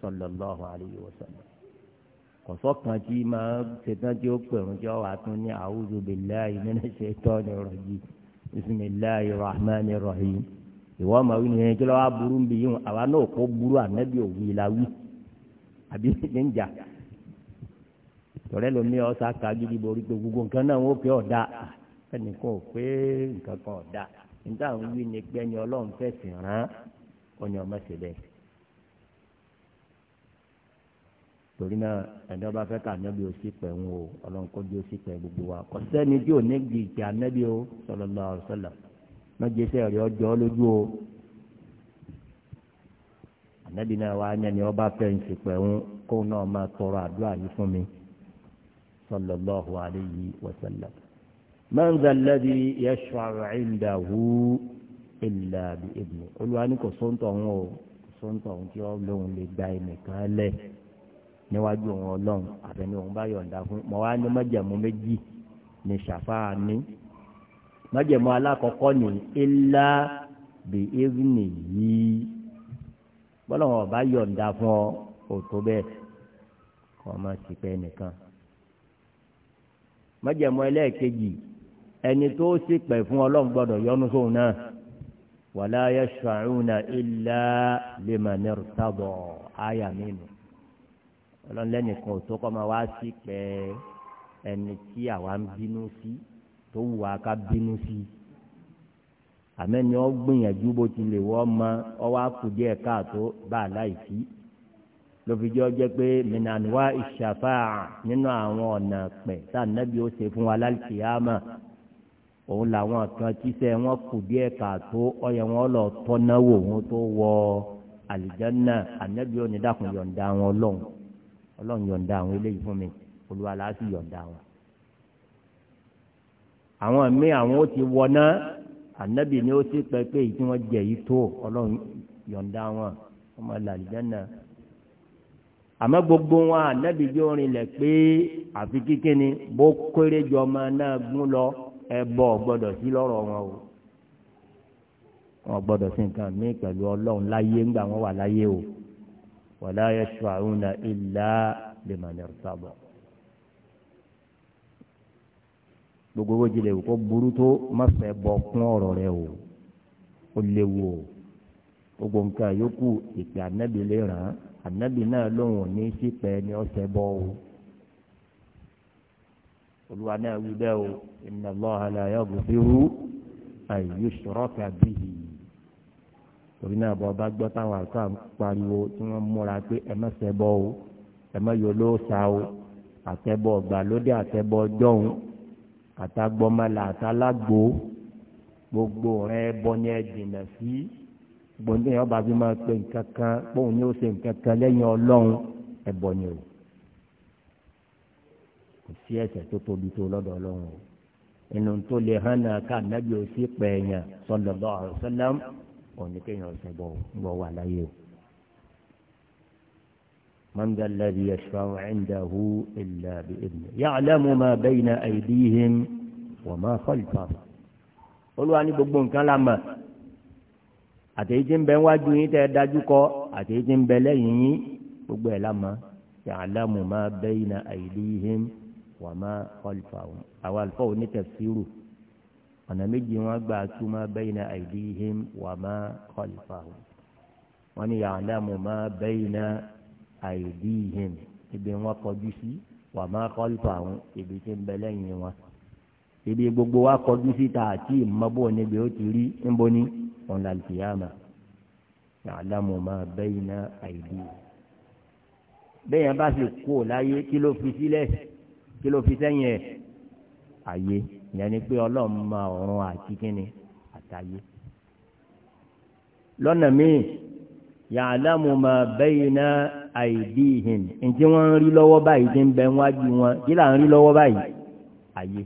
Speaker 1: sallallahu alayhi wa sallam kọsọkan tí máa ṣetán tí ó pẹrun jọ wà tún ní a'udhu billahi minash shaitani rajim bisimilahi rahmani rahim ìwọ ọmọ wí ń bí yín la wí àbí ní ń lomi ọ̀sà borí pé gbogbo nǹkan náà wọ́n ọ̀dà ò pé nǹkan kan ọ̀dà wí ni pé ẹni ọlọ́run fẹ̀sìn rán ó ní ọmọ ṣe bẹ́ẹ̀. torí náà ẹni ọba fẹ́ ká anábì ó sì pẹ̀ ń wo ọlọ́run kó bí ó sì pẹ̀ gbogbo wa kò sẹ́ni tí ò ní gbì ìtì anábì ó sallallahu alaihi wasallam mọ́jẹ sẹ́ rí ọjọ́ lójú o anábì náà wá ní ẹni ọba fẹ́ ń sì pẹ̀ ń kóun náà máa tọrọ àdúrà yìí fún mi sallallahu alaihi wasallam man zal ladhi yashfa'u 'indahu ìlà ìbùnú olúwa ní kò sóńtọ̀ ọ̀hún o kò sóńtọ̀ ọ̀hún tí ó lóun lè gba ẹnìkan lẹ̀ níwájú òun ọlọ́run àtẹni òun bá yọ̀ǹda fún mọ̀ wá ní májẹ̀mú méjì ní ṣàfáà ní májẹ̀mú alákọ̀ọ́kọ́ ní ìlà bí ìbùnú yìí bọ́lọ́wọ́n ọba yọ̀ǹda fún ọ òtó bẹ́ẹ̀ kọ́ ọ má ti pẹ́ nìkan májẹ̀mú ẹlẹ́ẹ̀kejì ẹni tó sì pẹ̀ fún ọlọ́run gbọ́dọ̀ yọ́nú wàlá yashfa'una illa liman irtada àyà mímu ọlọ́nlẹ́nìkan ò tó kọ́ máa wá sí pé ẹni tí àwa ń bínú sí tó wù wá ká bínú sí àmẹ́ni ó gbìyànjú bó ti lè wọ́ ọmọ ọwọ́ àkùdíẹ̀ káàtó bá a láì sí lófijọ́ jẹ́ pé mìnàníwá ìṣàfà nínú àwọn ọ̀nà pẹ̀ tá a nábì ó ṣe fún wa lálùkìyàmà òun làwọn kan tíṣẹ́ wọn kù díẹ̀ káàtó ọyẹ wọn lọ tọ́náwó wọn tó wọ àlìjánná ànábì onídàkùn yọ̀ǹda wọn ọlọ́run ọlọ́run yọ̀ǹda àwọn eléyìí fún mi olúwa làá sì wọn. àwọn míì àwọn ó ti wọná ànábì ni ó ti pẹ́ pé tí wọ́n jẹ yìí tó ọlọ́run yọ̀ǹda wọn ọmọ làlìjánná àmọ́ gbogbo wọn ànábì jọ rinlẹ̀ pé àfi kíkéni bó kéré jọ náà gún lọ ẹbọ gbọ́dọ̀ sí lọ́rọ̀ wọn o wọn gbọ́dọ̀ sí nǹkan míì pẹ̀lú Ọlọ́run láyé ńgbà wọn wà láyé o wala yashfa'una illa liman irtada gbogbo owó jìnnà kó burú tó má fẹ́ bọ kún ọ̀rọ̀ rẹ o ó léwu o gbogbo nǹkan yòókù ìpè ànábì lè ràn án ànábì náà lóun ò ní í sípẹ ni ọ̀sẹ̀ bọ́ o olúwa náà wí bẹ́ẹ̀ o inna Allaha la yaghfiru an yushraka bihi torí náà bọ́ bá gbọ́ táwọn àlùfáà ń pariwo tí wọ́n múra pé ẹ má ṣẹbọ o ẹ má yọ lóòṣà o àtẹbọ gbàlódé àtẹbọ jọ̀hún àtàgbọ́mọlà àtàlágbó gbogbo rẹ bọ́ni ẹ dènà sí gbòǹdé yẹn ọba fi máa pe nǹkan kan pòun ni ó ṣe nǹkan kan lẹ́yìn ọlọ́run ẹ̀bọ̀ ni o kò sí ẹ̀ṣẹ̀ tó tóbi tó lọ́dọ̀ Ọlọ́run o inú tó lè hàn náà ká nábì ó sì pẹ èèyàn sallallahu alaihi wasallam òní kéèyàn ọsẹ bọ gbọ wà láyé o. من ذا الذي يشفع عنده إلا بإذنه يعلم ما بين أيديهم وما خلفهم olúwa ní gbogbo nǹkan la mọ̀ àtẹ̀yí tí ń bẹ wájú yín tẹ́ ẹ dájú kọ àtẹ̀yí tí ń bẹ lẹ́yìn yín gbogbo ẹ̀ la mọ̀ ya'lamu ma bayna aydihim wà má kọlìfà wọn àwọn àlùfáà onítẹ̀síìrù ọ̀nà méjì wọn gbà túmọ̀ bayna aydihim wà má kọlìfà wọn wọn ni ya'lamu má bayna aydihim ibi wọn kọjú sí wà má kọlìfà wọn ibi tí ń bẹ lẹ́yìn wọn ibi gbogbo wa kọjú sí ta àti ìmọ̀bọ̀ níbi ó ti rí níbo ni ọ̀nà àlùfíàmà ya'lamu má bayna aydihim bẹ́ẹ̀ yẹn bá sì kú ò láyé kí ló fi sílẹ̀ kí ló fi sẹ́yìn ẹ̀ ayé ìyẹn ni pé ọlọ́run máa ọ̀run àti kíni àtayé. lọ́nà míì ya'lamu ma bayna aydihim ntí wọ́n ń rí lọ́wọ́ báyìí ti ń bẹ wájú wọn kí là ń rí lọ́wọ́ báyìí ayé.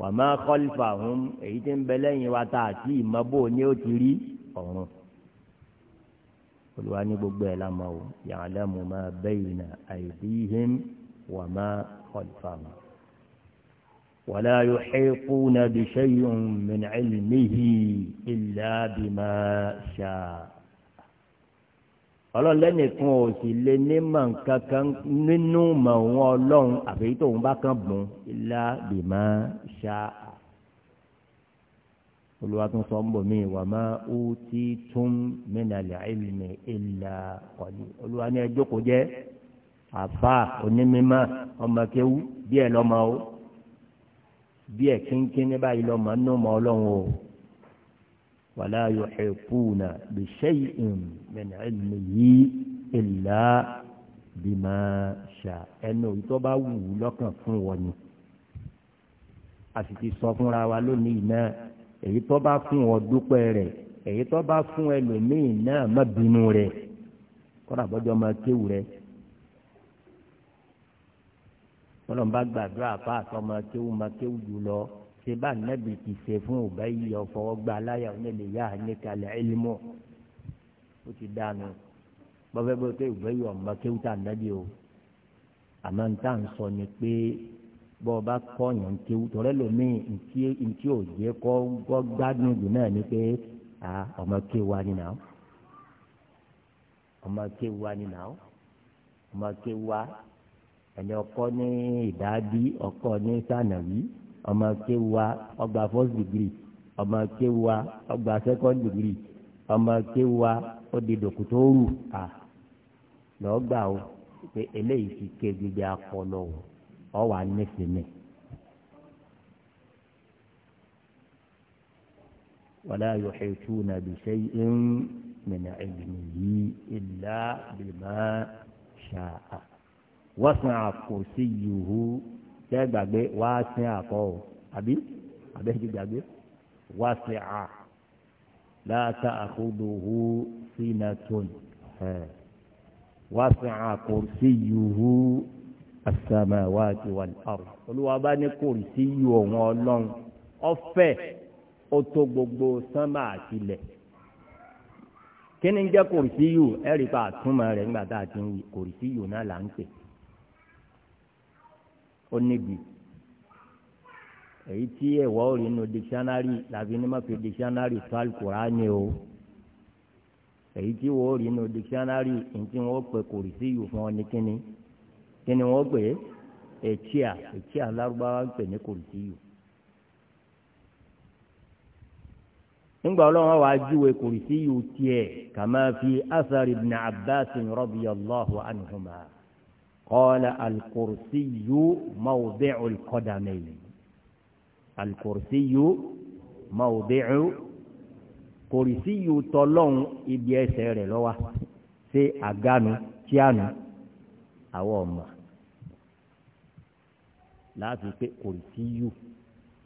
Speaker 1: wa ma khalfahum èyí ti ń bẹ lẹ́yìn wa tá àti ìmọ̀bó ni ó ti rí ọ̀run olùwà ní gbogbo ẹ̀ la mọ̀ o ya'lamu ma bayna aydihim. وما خلفهم ولا يحيطون بشيء من علمه إلا بما شاء ọlọ́run lẹ́nìkan ò sì lè ní mọ̀ kankan nínú mọ̀ wọn ọlọ́run àbí tóun bá kàn bùn ilá bìmá ṣá olùwà tún ń bò mí wà má ó ti tún mí nàlẹ́ àìlùmí ìlà kọ́ni olùwà ní kò jẹ́ àfa onímọ̀ ọmọkéwu díẹ̀ lọ́mọ o díẹ̀ kínkín ní báyìí lọ́mọ nínú ọmọ ọlọ́run o wàlá yuhituna bi shay'in min ilmihi illa bima sha ẹnu ìtọ́ bá wù ú lọ́kàn fún wọn ni ti sọ fúnra wa lónìí náà èyí tó bá fún ọ dúpẹ́ rẹ̀ èyí tó bá fún ẹlòmíì náà má bínú rẹ̀ kọ́ra bọ́jọ́ máa kéwù rẹ̀ ọlọ́run bá gbàdúrà apá àtọmọ kéwù ma kéwù jù lọ ṣe bá nẹ́bì ti ṣe fún òbá yìí ọ̀fọwọ́ gba aláyà onílé yá àníkalẹ̀ ẹlẹ́mọ̀ ó ti dànù bọ́fẹ́ bó ké òbá yìí ọ̀mọ kéwù tà nẹ́bì o àmọ́ níta ń sọ ni pé bọ́ ọ bá kọ́yàn ń kéwù tọ́rẹ́ lómìn ntí òjé kọ́ gbádùn jù náà ni pé ọmọ kéwù wa nínà ọmọ kéwù wa nínà ọmọ kéwù wa ẹni ọkọ ní ìdádí ọkọ ní sànàwí ọmọ kéwà ọgbà first degree ọmọ kéwà ọgbà second degree ọmọ kéwà ó di dòkútórù à lọ́gbà o pé eléyìí ti ké gbígbé akọlọ o ọ wà nísìnyí. ولا يحيطون بشيء من علمه إلا بما شاء wọ́n sin àkọ́ sí yòówù tẹ́ gbàgbé wá sin àkọ́ o àbí àbẹ́jì gbàgbé wá sin à láta àkójòwò sínú tóun wá sin àkọ́ sí yòówù as-samawati wal-ard olúwa bá ní kò sí yòó ọ̀hún ọlọ́run ọ̀fẹ́ ó gbogbo sánmà àtìlẹ̀ kí ni jẹ́ kò sí yòó ẹ̀rí pa àtúmọ̀ rẹ̀ nígbà tá a ti ń kò sí yòó náà là ń pè ó níbi èyí tí ẹ̀wọ́ ò rí nu dictionary làbí ní má fi dictionary tó alukurani o èyí tí wọ́n ò rí nu dictionary ntí wọ́n pè kò rí sí yù fún ọ ní kíni kíni wọ́n pè ètíà ètíà lárúbáwá ń pè ní kò sí yù. nígbà ọlọ́run wa júwe kò sí yù tiẹ̀ kàmáfi asar ibn abbas radiyallahu anhuma. قال الكرسي موضع القدمين الكرسي موضع كرسي تلون إبيا سير لوا سي أغانو تيانو àwọn ọmọ láti pé kòrìsíyù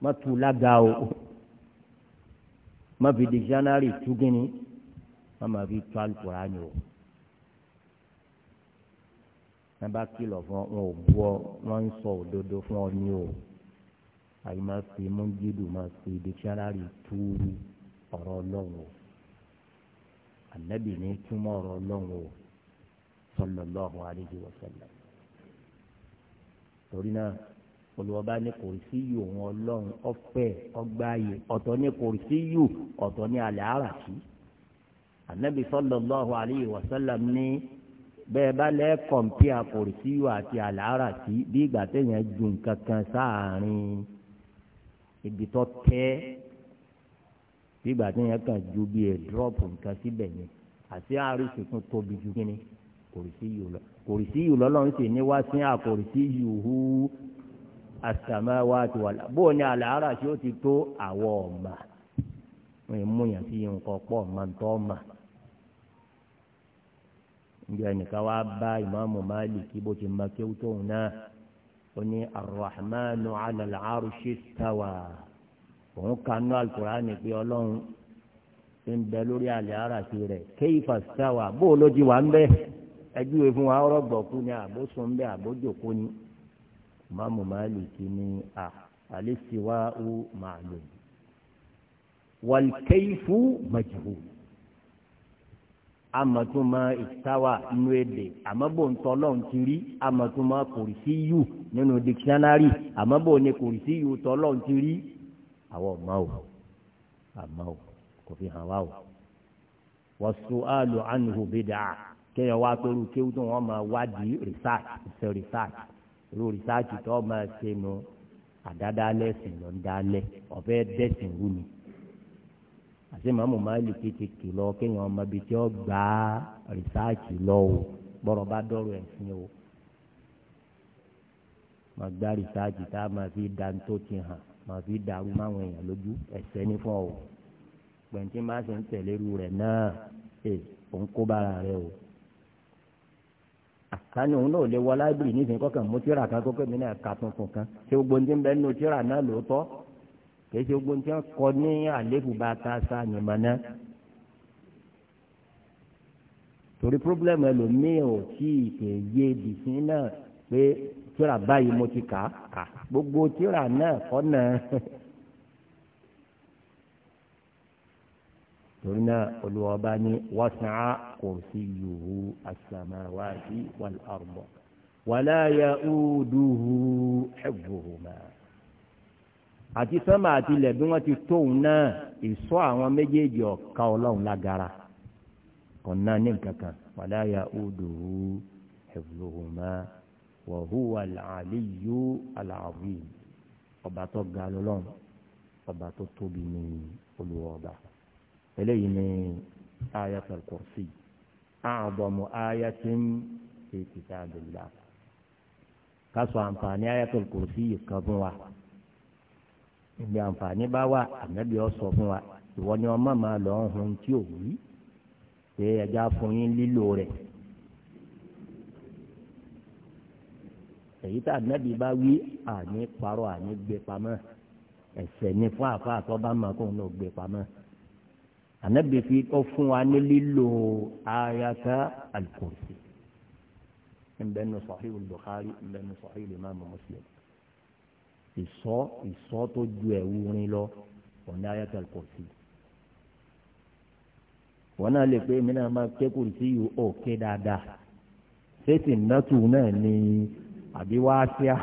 Speaker 1: má tu lága o má fi dikisánárì tú gíní má má fi tu alukurani o wọn bá kìlọ̀ fún wọn ò bu ọ wọn ń sọ òdodo fún ọ ní o àyè máa fi múndídù máa fi dikisẹ́nárì túrú ọ̀rọ̀ ọlọ́run o ànábì ní túmọ̀ ọ̀rọ̀ ọlọ́run o sallallahu alayhi wa sallam torí náà olùwọ́ba ní kò sí yù òun ọlọ́run ọ̀pẹ ọgbáyé ọ̀tọ̀ ní kò sí yù ọ̀tọ̀ ní alẹ́ àràkí ànábì sallallahu alayhi wa sallam ní bẹ́ẹ̀ bá lẹ́ kọ̀m̀pìà kòrìsíyù àti àlàárà sí bí ìgbà téèyàn ju nǹkan kan sáàárín ibi tó tẹ́ bí ìgbà téèyàn kan ju bí ẹ̀ dírọ́pù nǹkan síbẹ̀ yẹn àti àrísì tún tóbi ju kínní kòrìsíyù lọ kòrìsíyù lọ́lọ́run sì ní wá sí àkòrìsíyù hú àsàmáwá ti wà lá bóun ni àlàárà tí ó ti tó àwọ̀ ọ̀mà wọn mú yàn sí nǹkan pọ̀ mọ́ntọ́ mọ́ níbi ẹnìkan wá bá ìmáàmù Málìkì bó ti ma kéwú tóun náà ó ní arrahmanu ala al-arshi istawa òun kanú alukur'ani pé ọlọ́run ti ń bẹ lórí àlẹ́ àràsí rẹ̀ kayfa istawa bó ló ti wà ń bẹ́ ẹjú ìfún wa ọ̀rọ̀ gbọ̀kú ni àbóso ń bẹ àbójòkó ni ìmáàmù Málìkì ni à al-istiwa'u ma'lum wal kayfu majhul amatuma ìtawà nínú èdè àmọ́bò ńtọ́ lọ́n ti rí amatuma kòrìsí yù nínú dikisánárì àmọ́bò ní kòrìsí yù tọ́ lọ́n ti rí àwọn ọ̀ma o àmọ́ o kò fi hàn wá o wọ́n so àlò ànihò bèdà kéèyàn wá pẹ̀lú kéwù tó wọ́n máa wádìí research ṣe research irú research tó máa ṣe nu àdádálẹ̀ sí lọ́ndálẹ̀ ọ̀fẹ́ àti màmú máàlìkì ti kìlọ̀ kéèyàn ọmọ ibi tí ó gbà á rìsáàcì lọ o bọ́rọ̀ bá dọ́rọ̀ ẹ̀sìn o mà gba rìsáàcì tá a máa fi da tó ti hàn máa fi dàrú máwọn èèyàn lójú ẹ̀sẹ̀ ní fún ọ gbẹ̀ntì máa ṣe ń tẹ̀lé irú rẹ̀ náà ẹ̀ òun kó bára rẹ o àkànní òun náà lè wọ láìbìrì nísìnyí kọ́kàn mú tíra kan kókó mi náà kà tuntun kan ṣé gbogbo ní tíra náà lóòótọ́ kìí ṣe gbogbo nǹkan kọ ní àléébù bá ta sa àyànmọ́ná. torí pírọ́blẹ́mù ẹlòmíì ò tí ì kè yé bìsín náà pé tíra báyìí mo ti kà á gbogbo tíra náà kọ́ náà. torí náà olùwọ́ba ní wasi'a kursiyyuhu as-samawati wal-arda wa la ya'uduhu hifzuhuma àti sánmà àti ilẹ̀ bí wọ́n ti tóun náà ìsọ́ àwọn méjèèjì ọ̀ka ọlọ́run lágara ọ̀nà ní kankan wala ya'uduhu hifzuhuma wa huwa al-aliyyu al-azim ọba tó ga lọ́lọ́run ọba tó tóbi ní olùwọ̀ ọba eléyìí ni ayatul kursi a'zamu ayatin fi kitabillah kásọ̀ àǹfààní ayatul kursi yìí kan ìgbà àǹfààní bá wà ànábì ọ sọ fún wa ìwọ ni ọmọ máa lọ hun tí ò wí pé ẹja fún yín lílo rẹ̀ èyí tá ànábì bá wí àní parọ́ àní gbé pamọ́ ẹsẹ̀ ní fún àfa àtọba máa kóun náà gbé pamọ́ ànábì fi ó fún wa ní lílo ayaka al ń bẹnu Sahih al-Bukhari ń bẹnu Sahih al-Imam Muslim ìsọ́ ìsọ́ tó ju ẹ̀wù rin lọ ọ̀nà ayatul kursi. wọn náà lè pé èmi náà máa ké kursi yìí ó ké dáadáa ṣéètì nàtù náà ni àbí wá síá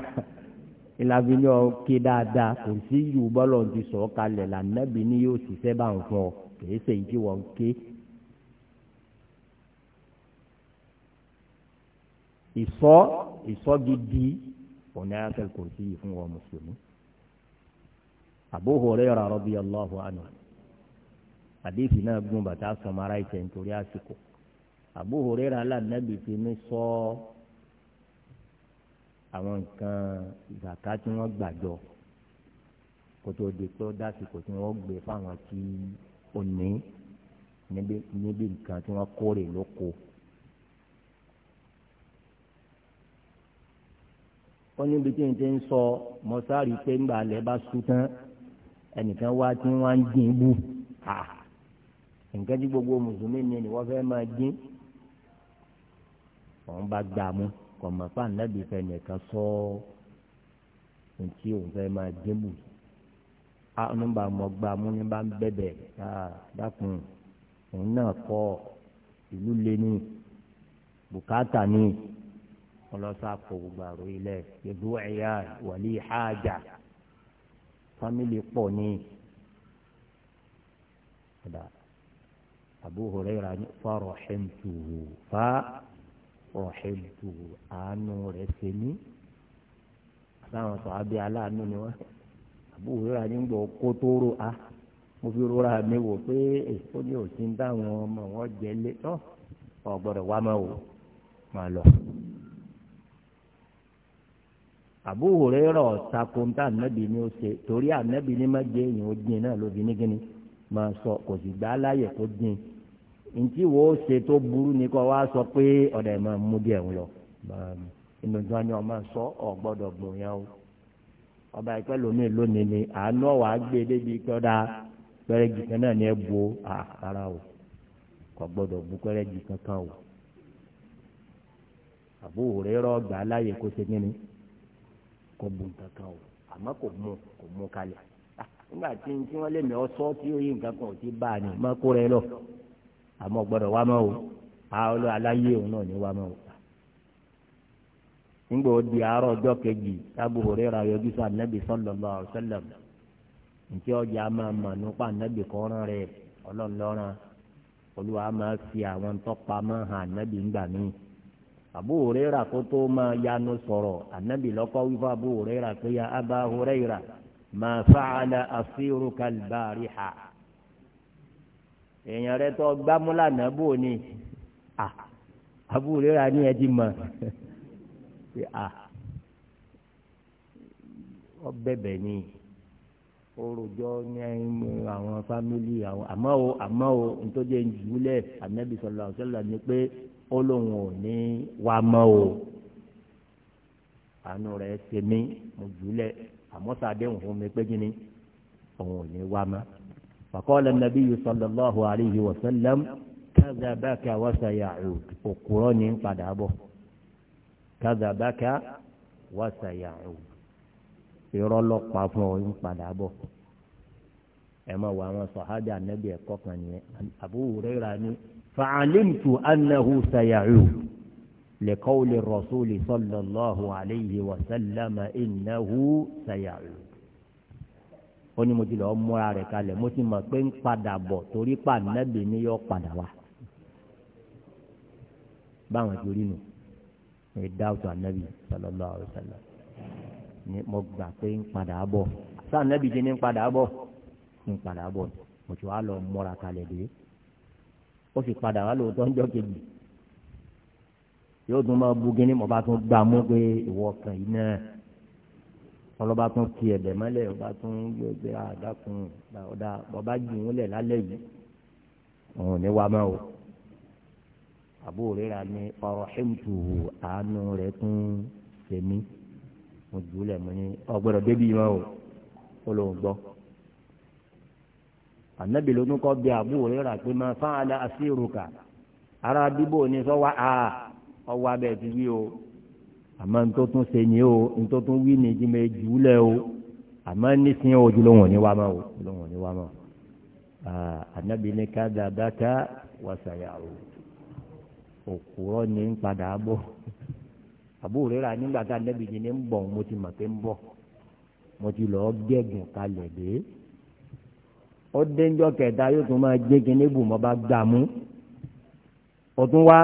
Speaker 1: ìlàbílẹ̀ ọ ké dáadáa kursi yìí bọ́lọ̀ ti sọ̀ kalẹ̀ lànàbí ni yóò ṣiṣẹ́ bá ń fọ kìí ṣe ìdí wọn ké. ìsọ́ ìsọ́ gidi òun ní ayatul kursi yìí fún wọn mùsùlùmí. Abu Huraira radiyallahu anhu àdéhìí náà gùn bàtà sọmara ìtẹ̀ nítorí àsìkò Abu Huraira alànàbì fi mí sọ àwọn nǹkan ìgbàká tí wọ́n gbàjọ kótó di pé ó dásìkò tí wọ́n gbé fáwọn tí ó ní níbi nǹkan tí wọ́n kórè lóko. ó níbi tí n ti ń sọ mọ́sáàrì pé ńgbà alẹ́ bá sùn tán ẹnìkan wá tí wọ́n á ń dín bù à nǹkan tí gbogbo mùsùlùmí ni ni wọ́n fẹ́ máa dín òun bá gbà mú kò mọ̀ fún ànábì fẹ́ nìkan sọ ohun tí òun fẹ́ máa dín bù á nígbà mọ̀ gbà mú ní bá ń bẹ̀bẹ̀ dákun òun náà kọ́ ìlú lé ní bùkátà ní ọlọ́sà kò gbogbo àrò ilẹ̀ ìlú ẹ̀yà wàlí hájà fámìlì pọ̀ ní ọ̀dà Abu Huraira ní fa rahimtuhu fa rahimtuhu àánú rẹ̀ ṣe ní àtàwọn sọ̀ abẹ́ aláàánú ni wọ́n Abu Huraira ní gbọ́ kótóró a ah, mo fi rora mi wò pé èso eh, ní òsín dáhùn ọmọ wọn jẹ lé tọ́ ọ̀gbọ́dọ̀ wá máa wò máa lọ. Abu Hurairah takunta anabi ni ó ṣe torí anabi ni má jẹ èèyàn ó dín náà lóbi ní gíní máa sọ kò sì gbá láyè kó dín ntí wo ṣe tó burú ni kò wá sọ pé ọ̀dà ẹ̀ máa mú díẹ̀ ń lọ inú ìjọ ni ọmọ sọ ọ gbọ́dọ̀ gbòòyàn o ọba ìpẹ́ lómi lónìí ni àánú ọ̀wà gbé débi kọ́dà pẹ́rẹ́gì kan náà ni ẹ bu àkàrà o kò gbọ́dọ̀ bu pẹ́rẹ́gì kankan o Abu Hurairah gbà láyè kó ṣe kínní. kò bu nǹkan kan o àmọ́ kò mú kò mú nígbà tí tí wọ́n lé mi ọsọ tí ó yí nǹkan kan ò ti bá a ní má kó lọ àmọ́ gbọ́dọ̀ wá mọ́ o àwọn aláyé òun náà ní wá mọ́ o. nígbà ó di àárọ̀ ọjọ́ kejì Abu yọjú nítí ọjà máa nípa anabi kọ́ran máa fi àwọn tọ́pamọ́ hàn anabi ńgbà Abu Huraira kó tó máa yanu sọ̀rọ̀ ànábì lọ́kọ́ wífọ́ Abu Huraira pé ya Aba Huraira ma fa'ala asiruka al-bariha èèyàn rẹ tó gbámúlà náà bò ní à Abu Huraira ní ẹ ti mọ̀ pé à ọ bẹ̀bẹ̀ ni orojọ ní àwọn fámìlì àwọn àmọ́ o àmọ́ o ntọ́jú ẹ̀ ń jùlẹ̀ ànábì sallallahu alaihi ni pé ó lóun ò ní wá mọ́ o àánú rẹ̀ ṣe mí mo jùlẹ̀ àmọ́ sàdéhùn fún mi pé kí ni òun ò ní wá mọ́. فقال النبي صلى الله عليه وسلم كذبك وسيعود وقرآن قد أبوه كذبك وسيعود irọ́ lọ pa fún ọ ń padà bọ̀ ẹ máa wọ àwọn sọ̀hádà nẹ́bí ẹ̀kọ́ kan nìyẹn Abu Hurairah ni فعلمت أنه سيعود لقول الرسول صلى الله عليه وسلم إنه سيعود ó ní mo ti lọ́ọ́ múra rẹ̀ kalẹ̀ mo ti mọ̀ pé ń padà bọ̀ torí pa nẹ́bì ni yọ padà wá báwọn ti rí nu ní dáwùtò ànẹ́bì sallallahu alaihi wasallam ni mo gbà pé ń padà bọ̀ sáà nẹ́bì ti ní ń padà bọ̀ ń padà bọ̀ mo ti wá lọ múra kalẹ̀ dé ó sì padà wá lóòótọ́ ńjọ́ kejì yóò tún máa bu gíní mo bá tún gbà mú pé ìwọ kan yìí náà ọlọ́ba tún fi ẹ̀bẹ̀ mọ́lẹ̀ ọba tún yóò gbé àdákùn ọ̀dà ọba jù ú lẹ̀ lálẹ́ yìí òun ní wa máa o àbúrò rírà ni ọ̀rọ̀ ẹ̀mùtù àánú rẹ̀ tún tèmi mo jù ú lẹ̀ mo ní ọgbọ́dọ̀ débi wọn o ó lóun gbọ́ ànábì ló ní kọ́ bí Abu Huraira pé máa fá àlà àṣírùkà ara bíbò ní sọ́wọ́ a ọwọ́ abẹ́ ti wí o àmọ́ ní tó tún ṣe ní o ní tó tún wí ní jí mi jù ú o àmọ́ nísìnyí o jùlọ wọn ní wá mọ́ o jùlọ wọn ní wá mọ́ o ànábì ní kadhabaka wa saya'u òkúrọ́ ní ń padà bọ̀ Abu Huraira nígbà tá ànábì yìí ní ń bọ̀ mo ti mọ̀ pé ń bọ̀ mo ti lọ́ọ́ gẹ̀gùn kalẹ̀ dé ó dénjọ́ kẹta yóò tún máa jẹ́ kíní bù mọ́ bá gbà mú ó tún wá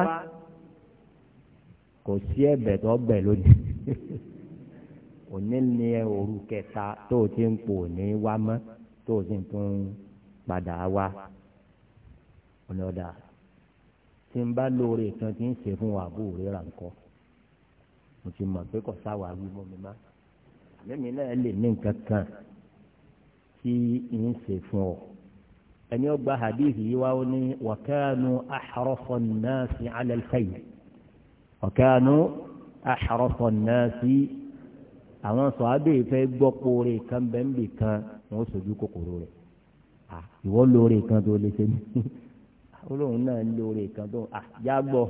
Speaker 1: kò sí ẹ̀bẹ̀ tó bẹ̀ lójú òní ni òru kẹta tó o ti ń pò ní wá mọ́ tó o sì ń tún padà wá ọ̀nà ọ̀dà tí ń bá lóore kan ti ń ṣe fún wa bó rẹ ra nǹkan mo ti mọ̀ pé kò sáwàá wí mọ́ mi má àmì mi náà lè ní nǹkan kan tí ń ṣe fún ọ ẹni ó gba hadithi yìí wá ó ní wakanu aḥrọ́fọ̀ náà sí alẹ́ fẹ́yì wakanu aḥrọ́fọ̀ náà sí àwọn sọ abẹ́ ìfẹ́ gbọ́ kóore kan bẹ́ẹ̀ bì kan wọ́n sojú kòkòrò rẹ̀ ìwọ lóore kan tó lè ṣe ní olóhùn náà lóore kan tó àjágbọ́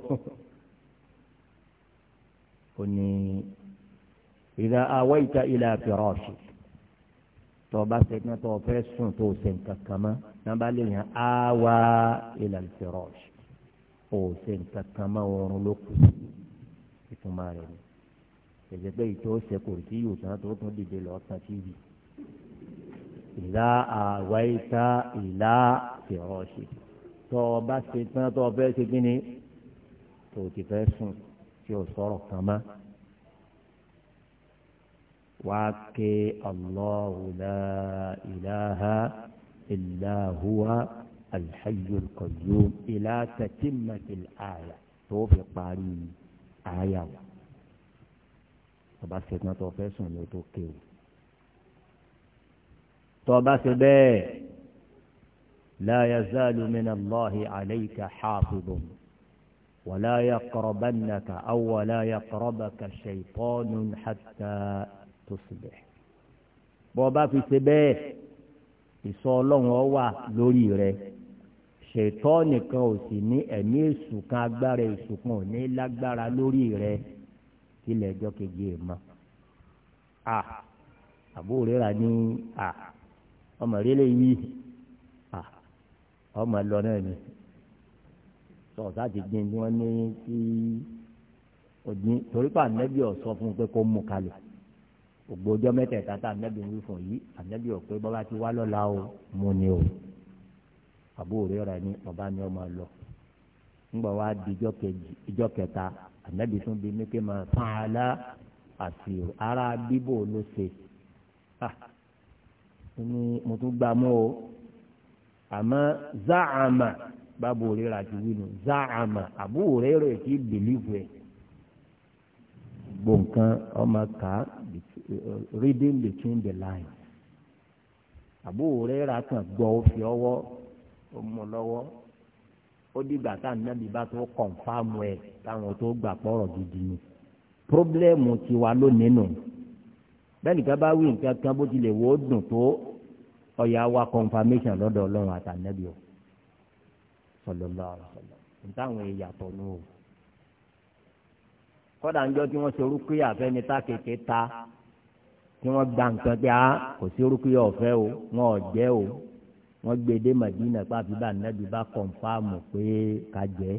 Speaker 1: ó ní ìdá awọ́ ìta ilẹ̀ àfẹ́rọ́ọ̀ṣì tọ́ bá ṣe kí wọ́n fẹ́ sùn tó ṣe nǹkan kan mọ́ náà bá lè yàn á wá ilal firash ò ṣe nǹkan kan mọ́ oorun ló kù ìtumọ̀ rẹ̀ ni ẹ̀jẹ̀ pé ìtọ́ ṣe kò sí ìwòsàn tó tún dìde lọ tán tv ìlà àwáyíta ìlà firashi tọ́ bá ṣe tán tọ́ fẹ́ ṣe kí ni tó ti fẹ́ sùn tí ò sọ̀rọ̀ kan mọ́. واكي الله لا إله إلا هو الحي القيوم إلى تتمة الآية توفيق بارين آية طبعا سيدنا توفيق سنة توكيو طبعا سيدنا لا يزال من الله عليك حافظ ولا يقربنك أو لا يقربك شيطان حتى tó sì bẹ̀. bọ́ ọba fi ṣe bẹ́ẹ̀ ìsọ ọlọ́run ọ wà lórí rẹ ṣètọ́ nìkan ò sì ní ẹ̀mí èṣù kan agbára èṣù kan ò ní lágbára lórí rẹ kílẹ̀ ẹjọ́ kejì ẹ̀ mọ́. a àbúrò rẹ̀ rà ní a ọmọ rẹ̀ lè a ọmọ ẹ lọ náà ni sọ̀tà ti gbin tí wọ́n ní kí òdin torípa nẹ́bí ọ̀sọ́ fún pé kó mú kalẹ̀ gbogbo ọjọ́ mẹ́tẹ̀ẹ̀ta tá ànábì ń wí fún yìí ànábì ò pé bọ́lá ti wá lọ́la o mú ni o àbúrò rẹ̀ rẹ̀ ní bàbá ni ọmọ lọ ńgbà wá di ìjọ kẹta ànábì tún bí mi pé máa fún alá àti ara bíbò ló ṣe ah, ní mo tún gbà mọ́ o àmọ́ záàmà bábò rẹ̀ rà ti wí nu záàmà àbúrò rẹ̀ rẹ̀ ti bìlíìfù ẹ̀ gbọ̀ǹkan ọmọ kàá reading between the lines àbú òrẹ́ra kan gbọ́ ó fi ọwọ́ ó mú lọ́wọ́ ó dìgbà tá ànábì bá tó kọ̀ǹfàmù ẹ̀ táwọn tó gbà pọ̀rọ̀ gidi ni pírọ́blẹ́mù tiwa lónìí nù bẹ́ẹ̀ni ká bá wí nǹkan kan bó tilẹ̀ wò ó dùn tó ọ̀yà wa confirmation lọ́dọ̀ ọlọ́run àtànẹ́bí o sọlọ́lá ọ̀sọ̀lọ́ nítawọ̀n ìyàtọ̀ nù o kọ́dà ńjọ́ tí wọ́n ṣe orúkú yàfẹ́ tá kéke ta tí wọ́n gba nǹkan pé a ah, kò sí rúkúyà ọ̀fẹ́ o wọn ò jẹ́ o wọ́n gbé dé Madina pàbí bá nàbí bá kọ̀ǹfàmù pé ká jẹ́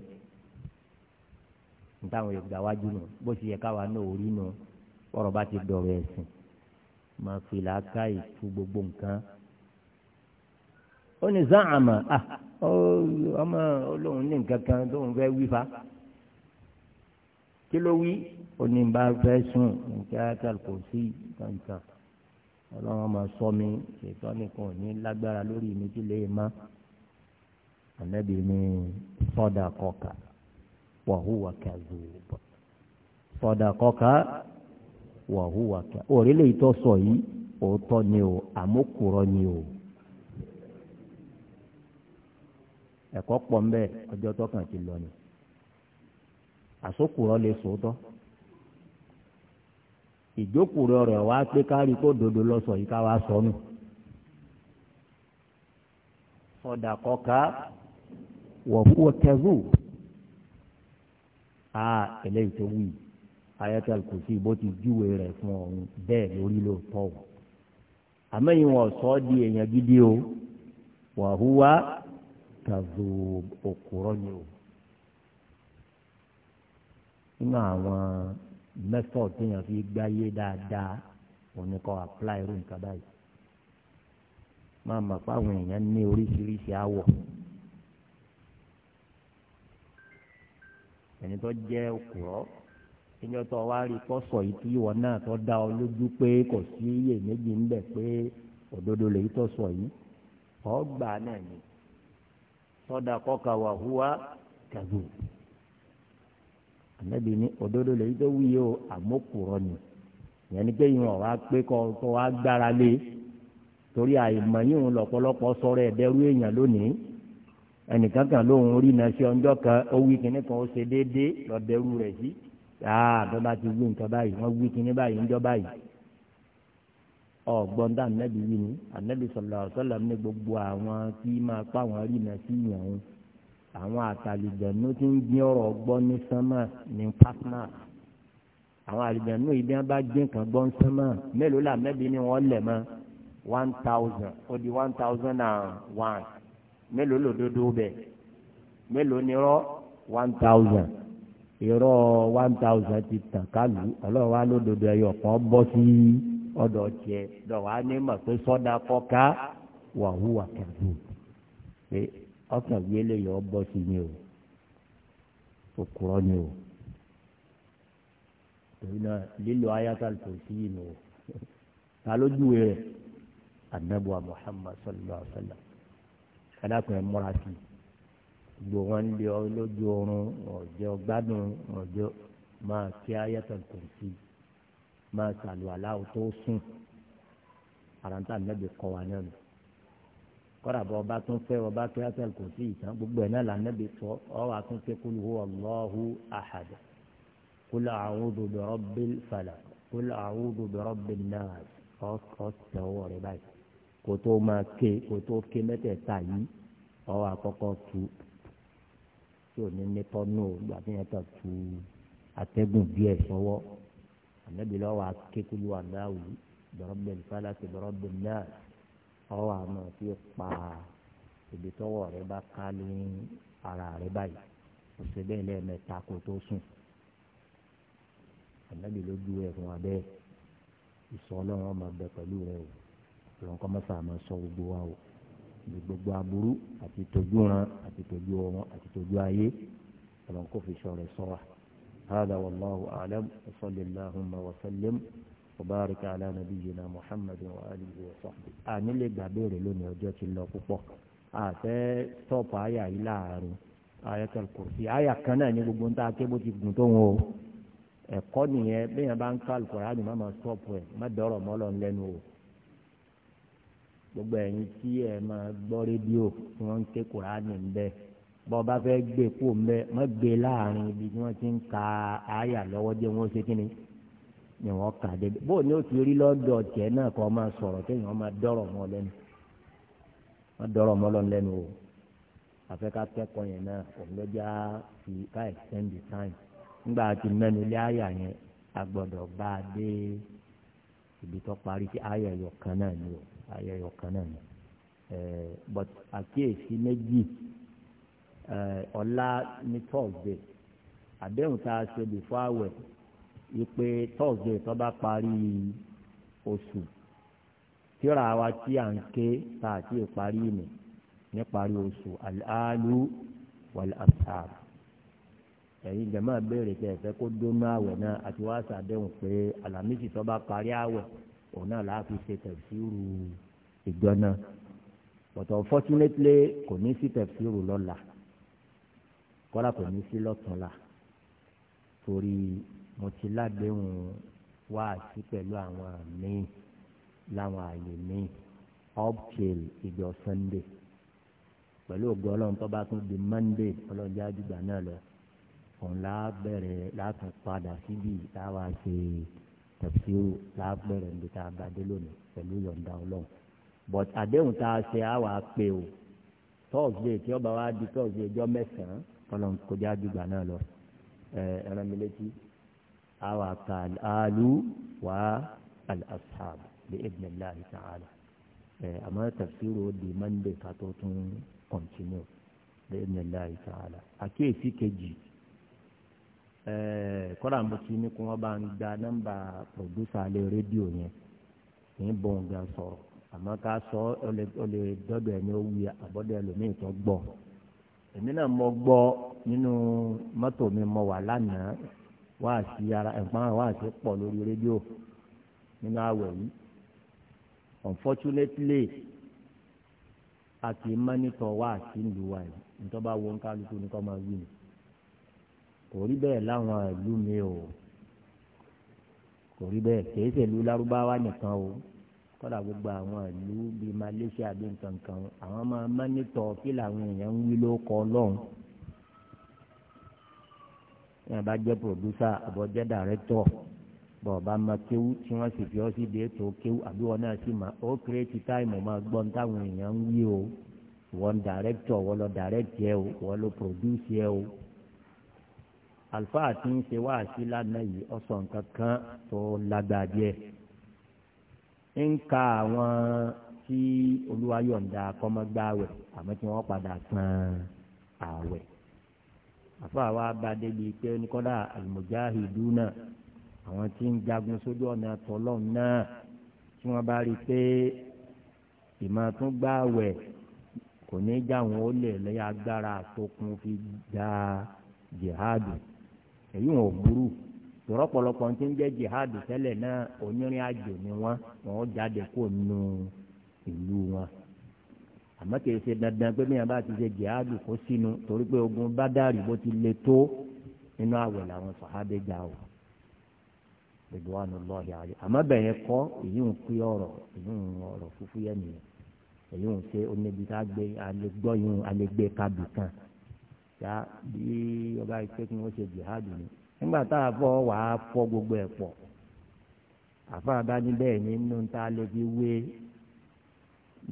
Speaker 1: nítawọn ìgbà wájú nù bó ṣe yẹ káwa náà ò rí nù ọ̀rọ̀ bá ti dọ̀rọ̀ ẹ̀sìn máa fi làákà ìtú gbogbo nǹkan. ó ní záàmà ah, ọmọ olóhùn ní nǹkan kan tóun fẹ́ wí fa kí ló wí oníbà fẹ́ sùn nǹkan àtàl kò sí kankan ọlọ́run máa sọ mi ṣètò nìkan ò ní lágbára lórí mi tí lè má ànábì mi sọ́dà kọkà wàhùwà kàzùbọ̀ sọ́dà kọkà wàhùwà kà òrìlẹ̀ ìtọ́ sọ yìí òótọ́ ni o àmókùrọ̀ ni o ẹ̀kọ́ pọ̀ ń bẹ́ẹ̀ ọjọ́ tó kàn ti lọ ni àsokùrọ̀ lè sòótọ́ ìjókòó rẹ̀ wá pé kárí kó dodo lọ sọ yìí ká wá sọ nù. sọdà kọkà wọ̀fúwọ̀ kẹ́zù a eléyìí tó wù ayatul kùsì bó ti júwe rẹ̀ fún ọ̀hún bẹ́ẹ̀ lórí ló tọ̀ wọ̀. àmẹ́yìn wọn sọ di èèyàn gidi o wàhúwa kẹ́zù òkúrọ́ ni o nínú àwọn method téèyàn fi gbáyé dáadáa òun ni apply irú nǹkan báyìí máa mọ̀ pé àwọn èèyàn ní oríṣiríṣi àwọ̀ ẹni tó jẹ́ òkùrọ́ ẹni tó wá rí kọ́sọ̀ yìí tí ìwọ náà tó dá ọ lójú pé kò sí iyèméjì ń bẹ pé òdodo lèyí tó sọ yìí ọgbà náà ni sọdà kọkà wà hùwà kàdùn ànábì ní òdodo lèyí tó wúyẹ o àmókùrọ ni ìyẹn ni kéyìn ọ̀rọ̀ apẹ́ kọ́ tó wá gbára lé torí àìmọ̀ yìí ń lọ̀pọ̀lọpọ̀ sọ̀rọ̀ èèyàn lónìí ẹnìkan kan lóun rí iná sí ọjọ́ kan ó wí kinní kan ó ṣe déédéé lọ́dẹ́rú rẹ̀ sí yáa àdọ́bà ti wí nǹkan báyìí wọ́n wí kinní báyìí ń jọ báyìí ọgbọ́n dá ànábì yìí ni ànábì sallallahu alaihi ní gbogbo àwọn tí máa pa àwọn rí iná sí ìyàn àwọn àtàlìjẹ̀nú ti ń gbin ọ̀rọ̀ gbọ́ ní sánmà ní pátánà àwọn àlìjẹ̀nú ìdí wọn bá gbin kan gbọ́ ní sánmà mélòó là mẹ́bi ni wọ́n lẹ̀ mọ́ one thousand ó di one thousand and one mélòó lòdodo bẹ̀ mélòó ni rọ́ one thousand irọ́ one thousand ti tàn kálù ọlọ́run wa lódodo ẹ̀yọ̀ kan bọ́ sí ọ̀dọ̀ tiẹ̀ dọ̀wọ́ á ní mọ̀ pé sọ́dà kọ́ka wàhùwà kẹ́kọ̀ọ́ ọkàn gbélé yọ bọ́ sí ni o òkúrọ́ ni o torí náà lílo ayatul kursi yìí nù o ta ló júwe rẹ̀ anabuwa muhammad sallallahu alaihi wa sallam kadàkùn ẹ̀ múra sí i gbogbo wọn lé ọ lójú oorun ọ̀jẹ̀ ọgbádùn ọ̀jẹ̀ máa kí ayatul kursi máa sàlùwàlà tó sùn àrántà nàbẹ̀ kọ́ wa náà kọ́ra bọ́ ọba tún fẹ́ ọba tó yàtọ̀ kò sí ìtàn gbogbo ẹ̀ náà lànàbì sọ ọwọ́ àtúnṣe kúlù hu ọlọ́hu àhàdà kúlù àwùdù bẹ̀rọ̀ bíl falà kúlù àwùdù bẹ̀rọ̀ bíl náà ọ̀sẹ̀wọ̀ rẹ̀ báyìí kò tó máa ké kò tó ké mẹ́tẹ̀ẹ̀ta yìí ọwọ́ àkọ́kọ́ tu tí ò ní ní tọ́nù ìgbà tí yẹn tó tu atẹ́gùn díẹ̀ sọ́wọ́ ànàbì lọ́wọ́ akékulù àdáwù bẹ̀rọ̀ bíl falà bẹ̀rọ̀ bíl náà ọwọ́ àmọ́ fi pa ibi tọ́wọ́ rẹ bá ká ní ara rẹ báyìí kò sí bẹ́ẹ̀ lẹ́ẹ̀mẹ́ta kó tó sùn ànábì ló ju ẹ̀ e fún wa bẹ́ẹ̀ ìsọ ọlọ́run ọmọ ọbẹ̀ pẹ̀lú rẹ o ọlọ́run kọ́ mọ́sà máa sọ gbogbo wa o ní gbogbo aburú àti tójú ran àti tójú ọ̀run àti tójú ayé ọlọ́run kò fi sọ rẹ sọ wa. هذا والله أعلم وصلى اللهم وسلم وبارك على نبينا محمد وآله وصحبه àní lè gbàgbére lónìí ọjọ́ ti lọ púpọ̀ àfẹ́ tọ́pù àyà yìí láàrin Ayatul Kursi àyà kan náà ní gbogbo ń ta ké bó ti gùn tó ń wo ẹ̀kọ́ nìyẹn bẹ́ẹ̀ bá ń ká Al-Qur'an má máa tọ́pù má dọ̀rọ̀ mọ́ lọ lẹ́nu o gbogbo ẹ̀yin tí ẹ̀ máa gbọ́ rédíò tí wọ́n ń ké Qur'an ń bẹ́ bọ́ bá fẹ́ gbé kó ń bẹ́ má gbé láàrin ibi tí wọ́n ti ń ka àyà lọ́wọ́ dé wọ́n ṣe kíni ni wọ́n kà débi bó ni ó ti rí lọ́dọ̀ tiẹ̀ náà kọ́ máa sọ̀rọ̀ kéèyàn máa mọ́ lẹ́nu máa mọ́ lọ́nu lẹ́nu o àfẹ́ ká kẹ́kọ̀ọ́ yẹn náà fi ká extend the time tí mẹ́nu ilé yẹn a bá a ibi tó parí sí àyà ẹ̀yọ̀ o ẹ̀yọ̀ kan náà ni but àkíyèsí méjì ọ̀la ní àdéhùn tá a ṣe wípé tọ́sídẹ̀ẹ́ tó bá parí oṣù tíra wa tí à ń ké tá a ti parí ìmọ̀ níparí oṣù aláàlú wàlàbsàr ẹ̀yin jẹ̀mọ́ béèrè tẹ̀ fẹ́ kó dóná àwẹ̀ náà àti wá sàdéhùn pé àlàmísì tó bá parí àwẹ̀ òun náà láà fi ṣe tẹ̀síìrù ìjọ náà but unfortunately kò ní sí tẹ̀síìrù lọ́la kọ́lá kò ní sí lọ́tún la torí mo ti ládéhùn wáàsí pẹ̀lú àwọn míì láwọn àyè míì up till ìjọ sunday pẹ̀lú ògo ọlọ́run tó bá tún di monday ọlọ́jà àdúgbà náà lọ òun là á bẹ̀rẹ̀ látún padà síbi táwa ṣe tẹ̀síwò là á bẹ̀rẹ̀ níbi tá a bá dé lónìí pẹ̀lú yọ̀ǹda ọlọ́run but àdéhùn tá a ṣe á wà pé o thursday tí ọba wa di thursday ọjọ́ mẹ́sàn-án ọlọ́run kọjá àdúgbà náà lọ ẹ ẹran mi létí àwọn àka àlù wà al-ashab bi idhnillahi ta'ala ẹ̀ àmọ́ tafsiru di monday ká tó tún continue bi idhnillahi ta'ala àkíyèsí kejì ẹ̀ kọ́ra mo ti ní kí wọ́n bá ń gba nọ́mbà producer alẹ́ rédíò yẹn ní bọ̀ǹgà sọ̀rọ̀ àmọ́ ká sọ ọ lè dọ́dọ̀ ẹni ó wuya àbọ̀dọ̀ ẹlòmíì tó gbọ́ èmi náà mo gbọ́ nínú mọ́tò mi mo wà lánàá wáàsí ara ẹ̀gbọ́n wáàsí pọ̀ lórí rédíò nínú àwẹ̀ yìí unfortunately àti mọ́nítọ̀ wáàsí ìlú wa yìí nítorí bá wo ń kálukú ní kọ́ máa wí ni kò rí bẹ́ẹ̀ láwọn ìlú mi o kò rí bẹ́ẹ̀ kìí ṣèlú lárúbáwá nìkan o kọ́dà gbogbo àwọn ìlú bíi Malaysia bíi nǹkan kan àwọn máa mọ́nítọ̀ kí làwọn èèyàn ń wí ló ọlọ́run tí wọn bá jẹ́ producer àbọ̀ jẹ́ director bọ̀ bá ma kéwú tí wọ́n sì fi ọ́ sí de ètò kéwú àbí wọn náà sì ma ó kírètì táìmù máa gbọ́ ní táwọn èèyàn ń wí o wọ́n director wọ́n lọ direct yẹ o wọ́n lọ produce yẹ o àlùfáà tí ń ṣe wá lánàá yìí ọ̀sán nǹkan kan tó lágbàdìẹ ń ka àwọn tí olúwa yọ̀ǹda kọ́mọ́gbáwẹ̀ àmọ́ tí wọ́n padà san àwẹ̀ afọ wa bá débi pé oníkọ́dà al-mujahiduna àwọn tí ń jagun sójú ọ̀nà tọ́lọ́ náà tí wọ́n bá rí i pé ìmọ̀ tún gbá wẹ̀ kò ní já wọn ó lè agbára fi da jihadu èyí wọn ò burú tòrọ pọ̀lọpọ̀ tí ń jẹ jihadu tẹ́lẹ̀ náà àjò ni nu ìlú wọn. àmọ́ kìí ṣe dandan pé bíyàn bá ti ṣe jihadu kó sínú torí pé ogun Bádàrí bó ti le tó nínú àwẹ̀ làwọn sàhábẹ́ gbà ó gbogbo wa ní lọ́ọ̀hì àárẹ̀ àmọ́ bẹ̀yẹn kọ́ èyí ń pín ọ̀rọ̀ èyí ń ọ̀rọ̀ fúfú yẹn nìyẹn èyí ń ṣe oníbi tá a gbé alẹ́gbọ́yún alẹ́gbẹ́ kábì kan ṣá bí ọba ìṣe kí wọ́n ṣe jihadu ni nígbà tá a fọ́ wàá fọ́ gbogbo ẹ̀ pọ̀ àfa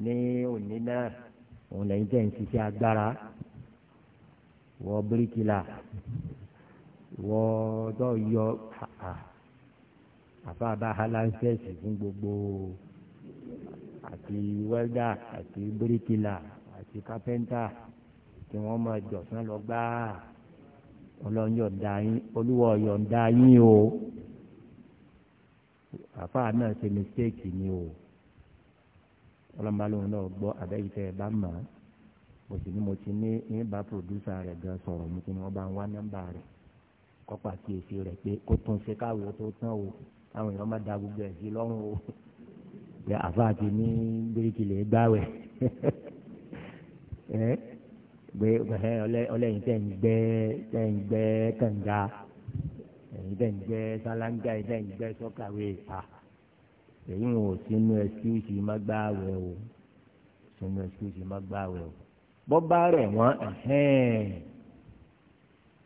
Speaker 1: ní òní náà òun lẹ́yìn tẹ̀ ń ṣiṣẹ́ agbára wọ bíríkìlà wọ tó yọ àfàbà aláǹsẹ̀sì fún gbogbo àti wẹ́dà àti bíríkìlà àti kápẹ́ńtà tí wọ́n máa jọ̀sán lọ gbáà ọlọ́yọ̀ǹda yín olúwa ọ̀yọ̀ǹda yín o àfàbà náà ṣe mistake ni o ọlọ́mọbalóhùn náà gbọ́ àbẹ́yìtẹ́ ẹ bá mọ̀ ọ́ mo sì ní mo ti ní ní bá pòdúsà rẹ̀ gan sọ̀rọ̀ mo ti ní wọ́n bá ń wá nọ́mbà rẹ̀ kọ́pà kí èsì rẹ̀ pé kó tún ṣe káwé tó tán o káwọn èèyàn má da gbogbo ẹ̀ sí lọ́rùn o pé àfáà ti ní bíríkì lè gbáwẹ̀ ẹ gbé ọlẹ́yìn tẹ̀ ń gbẹ́ tẹ̀ ń gbẹ́ kànga ẹ̀yìn tẹ̀ ń gbẹ́ sálángà ẹ̀yìn tẹ̀ ń gbẹ́ sọ́kàwé à èyí wọn ò sínú ẹsíwìsì má gbá àwẹ̀ o sínú ẹsíwìsì má gbá àwẹ̀ o bọ́ bá rẹ̀ wọ́n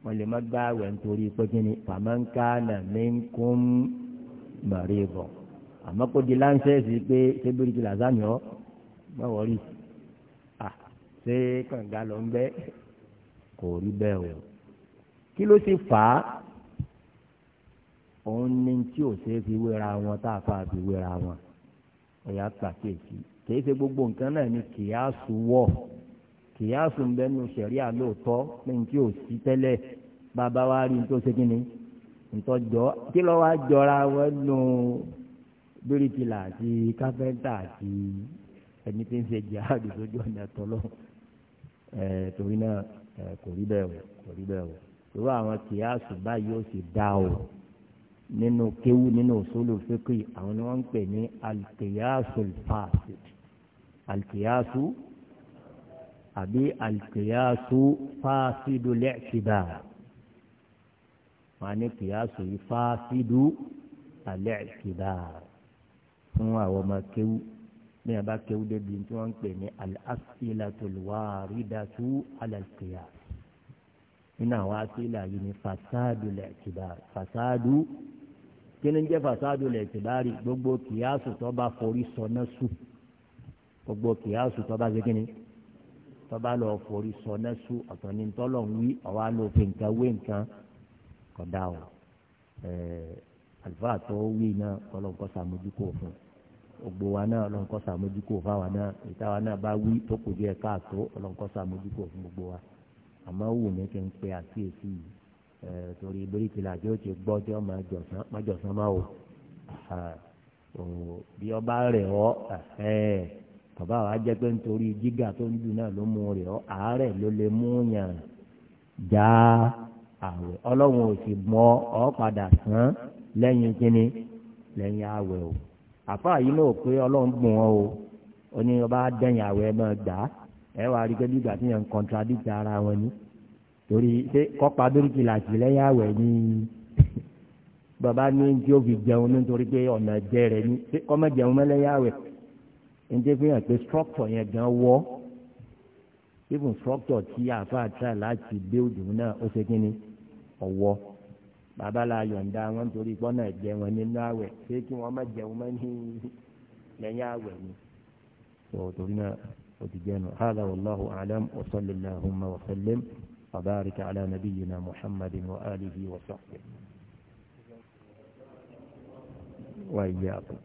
Speaker 1: wọ́n lè má gbá àwẹ̀ nítorí pé kí nà mí ń kún mọ̀rẹ́ bọ̀ àmọ́ kó di láńsẹ́ẹ̀sì pé sébìrì ti làzánì ọ́ má wọ̀rí ṣé kànga lọ ń bẹ́ kò rí bẹ́ẹ̀ o kí ló ti fà á òun ní tí ò ṣeé fi wéra wọn tá a fà fi wéra wọn ẹ̀yà pàkíyèsí kìí ṣe gbogbo nǹkan náà ni kìyàsù wọ̀ kìyàsù ń bẹ́nu sẹ̀ríà lóòótọ́ ní tí ò sí tẹ́lẹ̀ bàbá wa rí tó ṣe kí ni ntọ́jọ́ kí lọ́ wá jọra wọn nù bíríkìlà àti káfẹ́ńtà àti ẹni tí ń ṣe jihad sójú ọ̀nà tọ́lọ́ ẹ̀ torí náà kò rí bẹ́ẹ̀ o kò rí bẹ́ẹ̀ o irú àwọn kìyàsù báyìí ó sì dá o nínú kéwú nínú usulu fiqi àwọn ni wọ́n ń pè ní alkiyasu fasid alkiyasu àbí alkiyasu fasidu li'tibar wọ́n ní kiyasu yìí fasidu li'tibar fún àwọn ọmọ kéwú bí wọ́n bá kéwú débi tí wọ́n ń pè ní al-as'ilatul nínú àwọn asílà yìí fasadu li'tibar fasadu kí ni jẹ́ fasádù lè ti bá rí gbogbo kìyàsù tó bá forí sọná sùn gbogbo kìyàsù tó bá segin ni tó bá lọ forí sọná sùn ọ̀tọ̀ ni tọ́lọ̀ ń wí ọ̀wá ló fi nǹkan wé nǹkan kọ̀dá o eh, àlùfáà tó wí náà ọlọ́nkọ́ sàmójúkò fún gbogbo wa náà ọlọ́nkọ́ sàmójúkò fáwa náà ìta wa náà bá wí tó kù díẹ̀ káàtó ọlọ́nkọ́ sàmójúkò fún gbogbo wa àmọ́ wù mí kí n pe àkíyèsí yìí. torí bíríkì làjọ ti gbọ́jọ́ má jọ̀sán má o bí ọba rẹ̀ ọ́ bàbá wa jẹ́ pé nítorí gíga tó ń dùn náà ló mú rẹ̀ ọ́ àárẹ̀ ló lè mú yàn já àwẹ̀ ọlọ́run ò sì mọ ọ́ padà sán lẹ́yìn kínní lẹ́yìn àwẹ̀ o àfa yìí náà pé ọlọ́run gbọ̀n ọ́ o ó ní ọba dẹ́yìn àwẹ̀ máa gbà ẹ wàá rí i pé bí ìgbà tí torí ṣé kọ́pa dóríkì làtì lẹ́yìn àwẹ̀ ni bàbá ní tí ó fi jẹun nítorí pé ọ̀nà jẹ rẹ̀ ni ṣé kọ́mọ jẹun mẹ́lẹ́yìn àwẹ̀ ń tẹ́ fi hàn pé structure yẹn gan wọ́ even structure tí àáfàá tà láti build náà ó ṣe kí ni ọ̀wọ́ bàbá la yọ̀ǹda wọn torí pọ́nà jẹun nínú àwẹ̀ ṣé kí wọ́n má jẹun mọ́ ní lẹ́yìn àwẹ̀ ni. torí náà ó ti jẹun hàdà wàlláhu àlám wa sallallahu wa sallam. وبارك على نبينا محمد وآله وصحبه وإياكم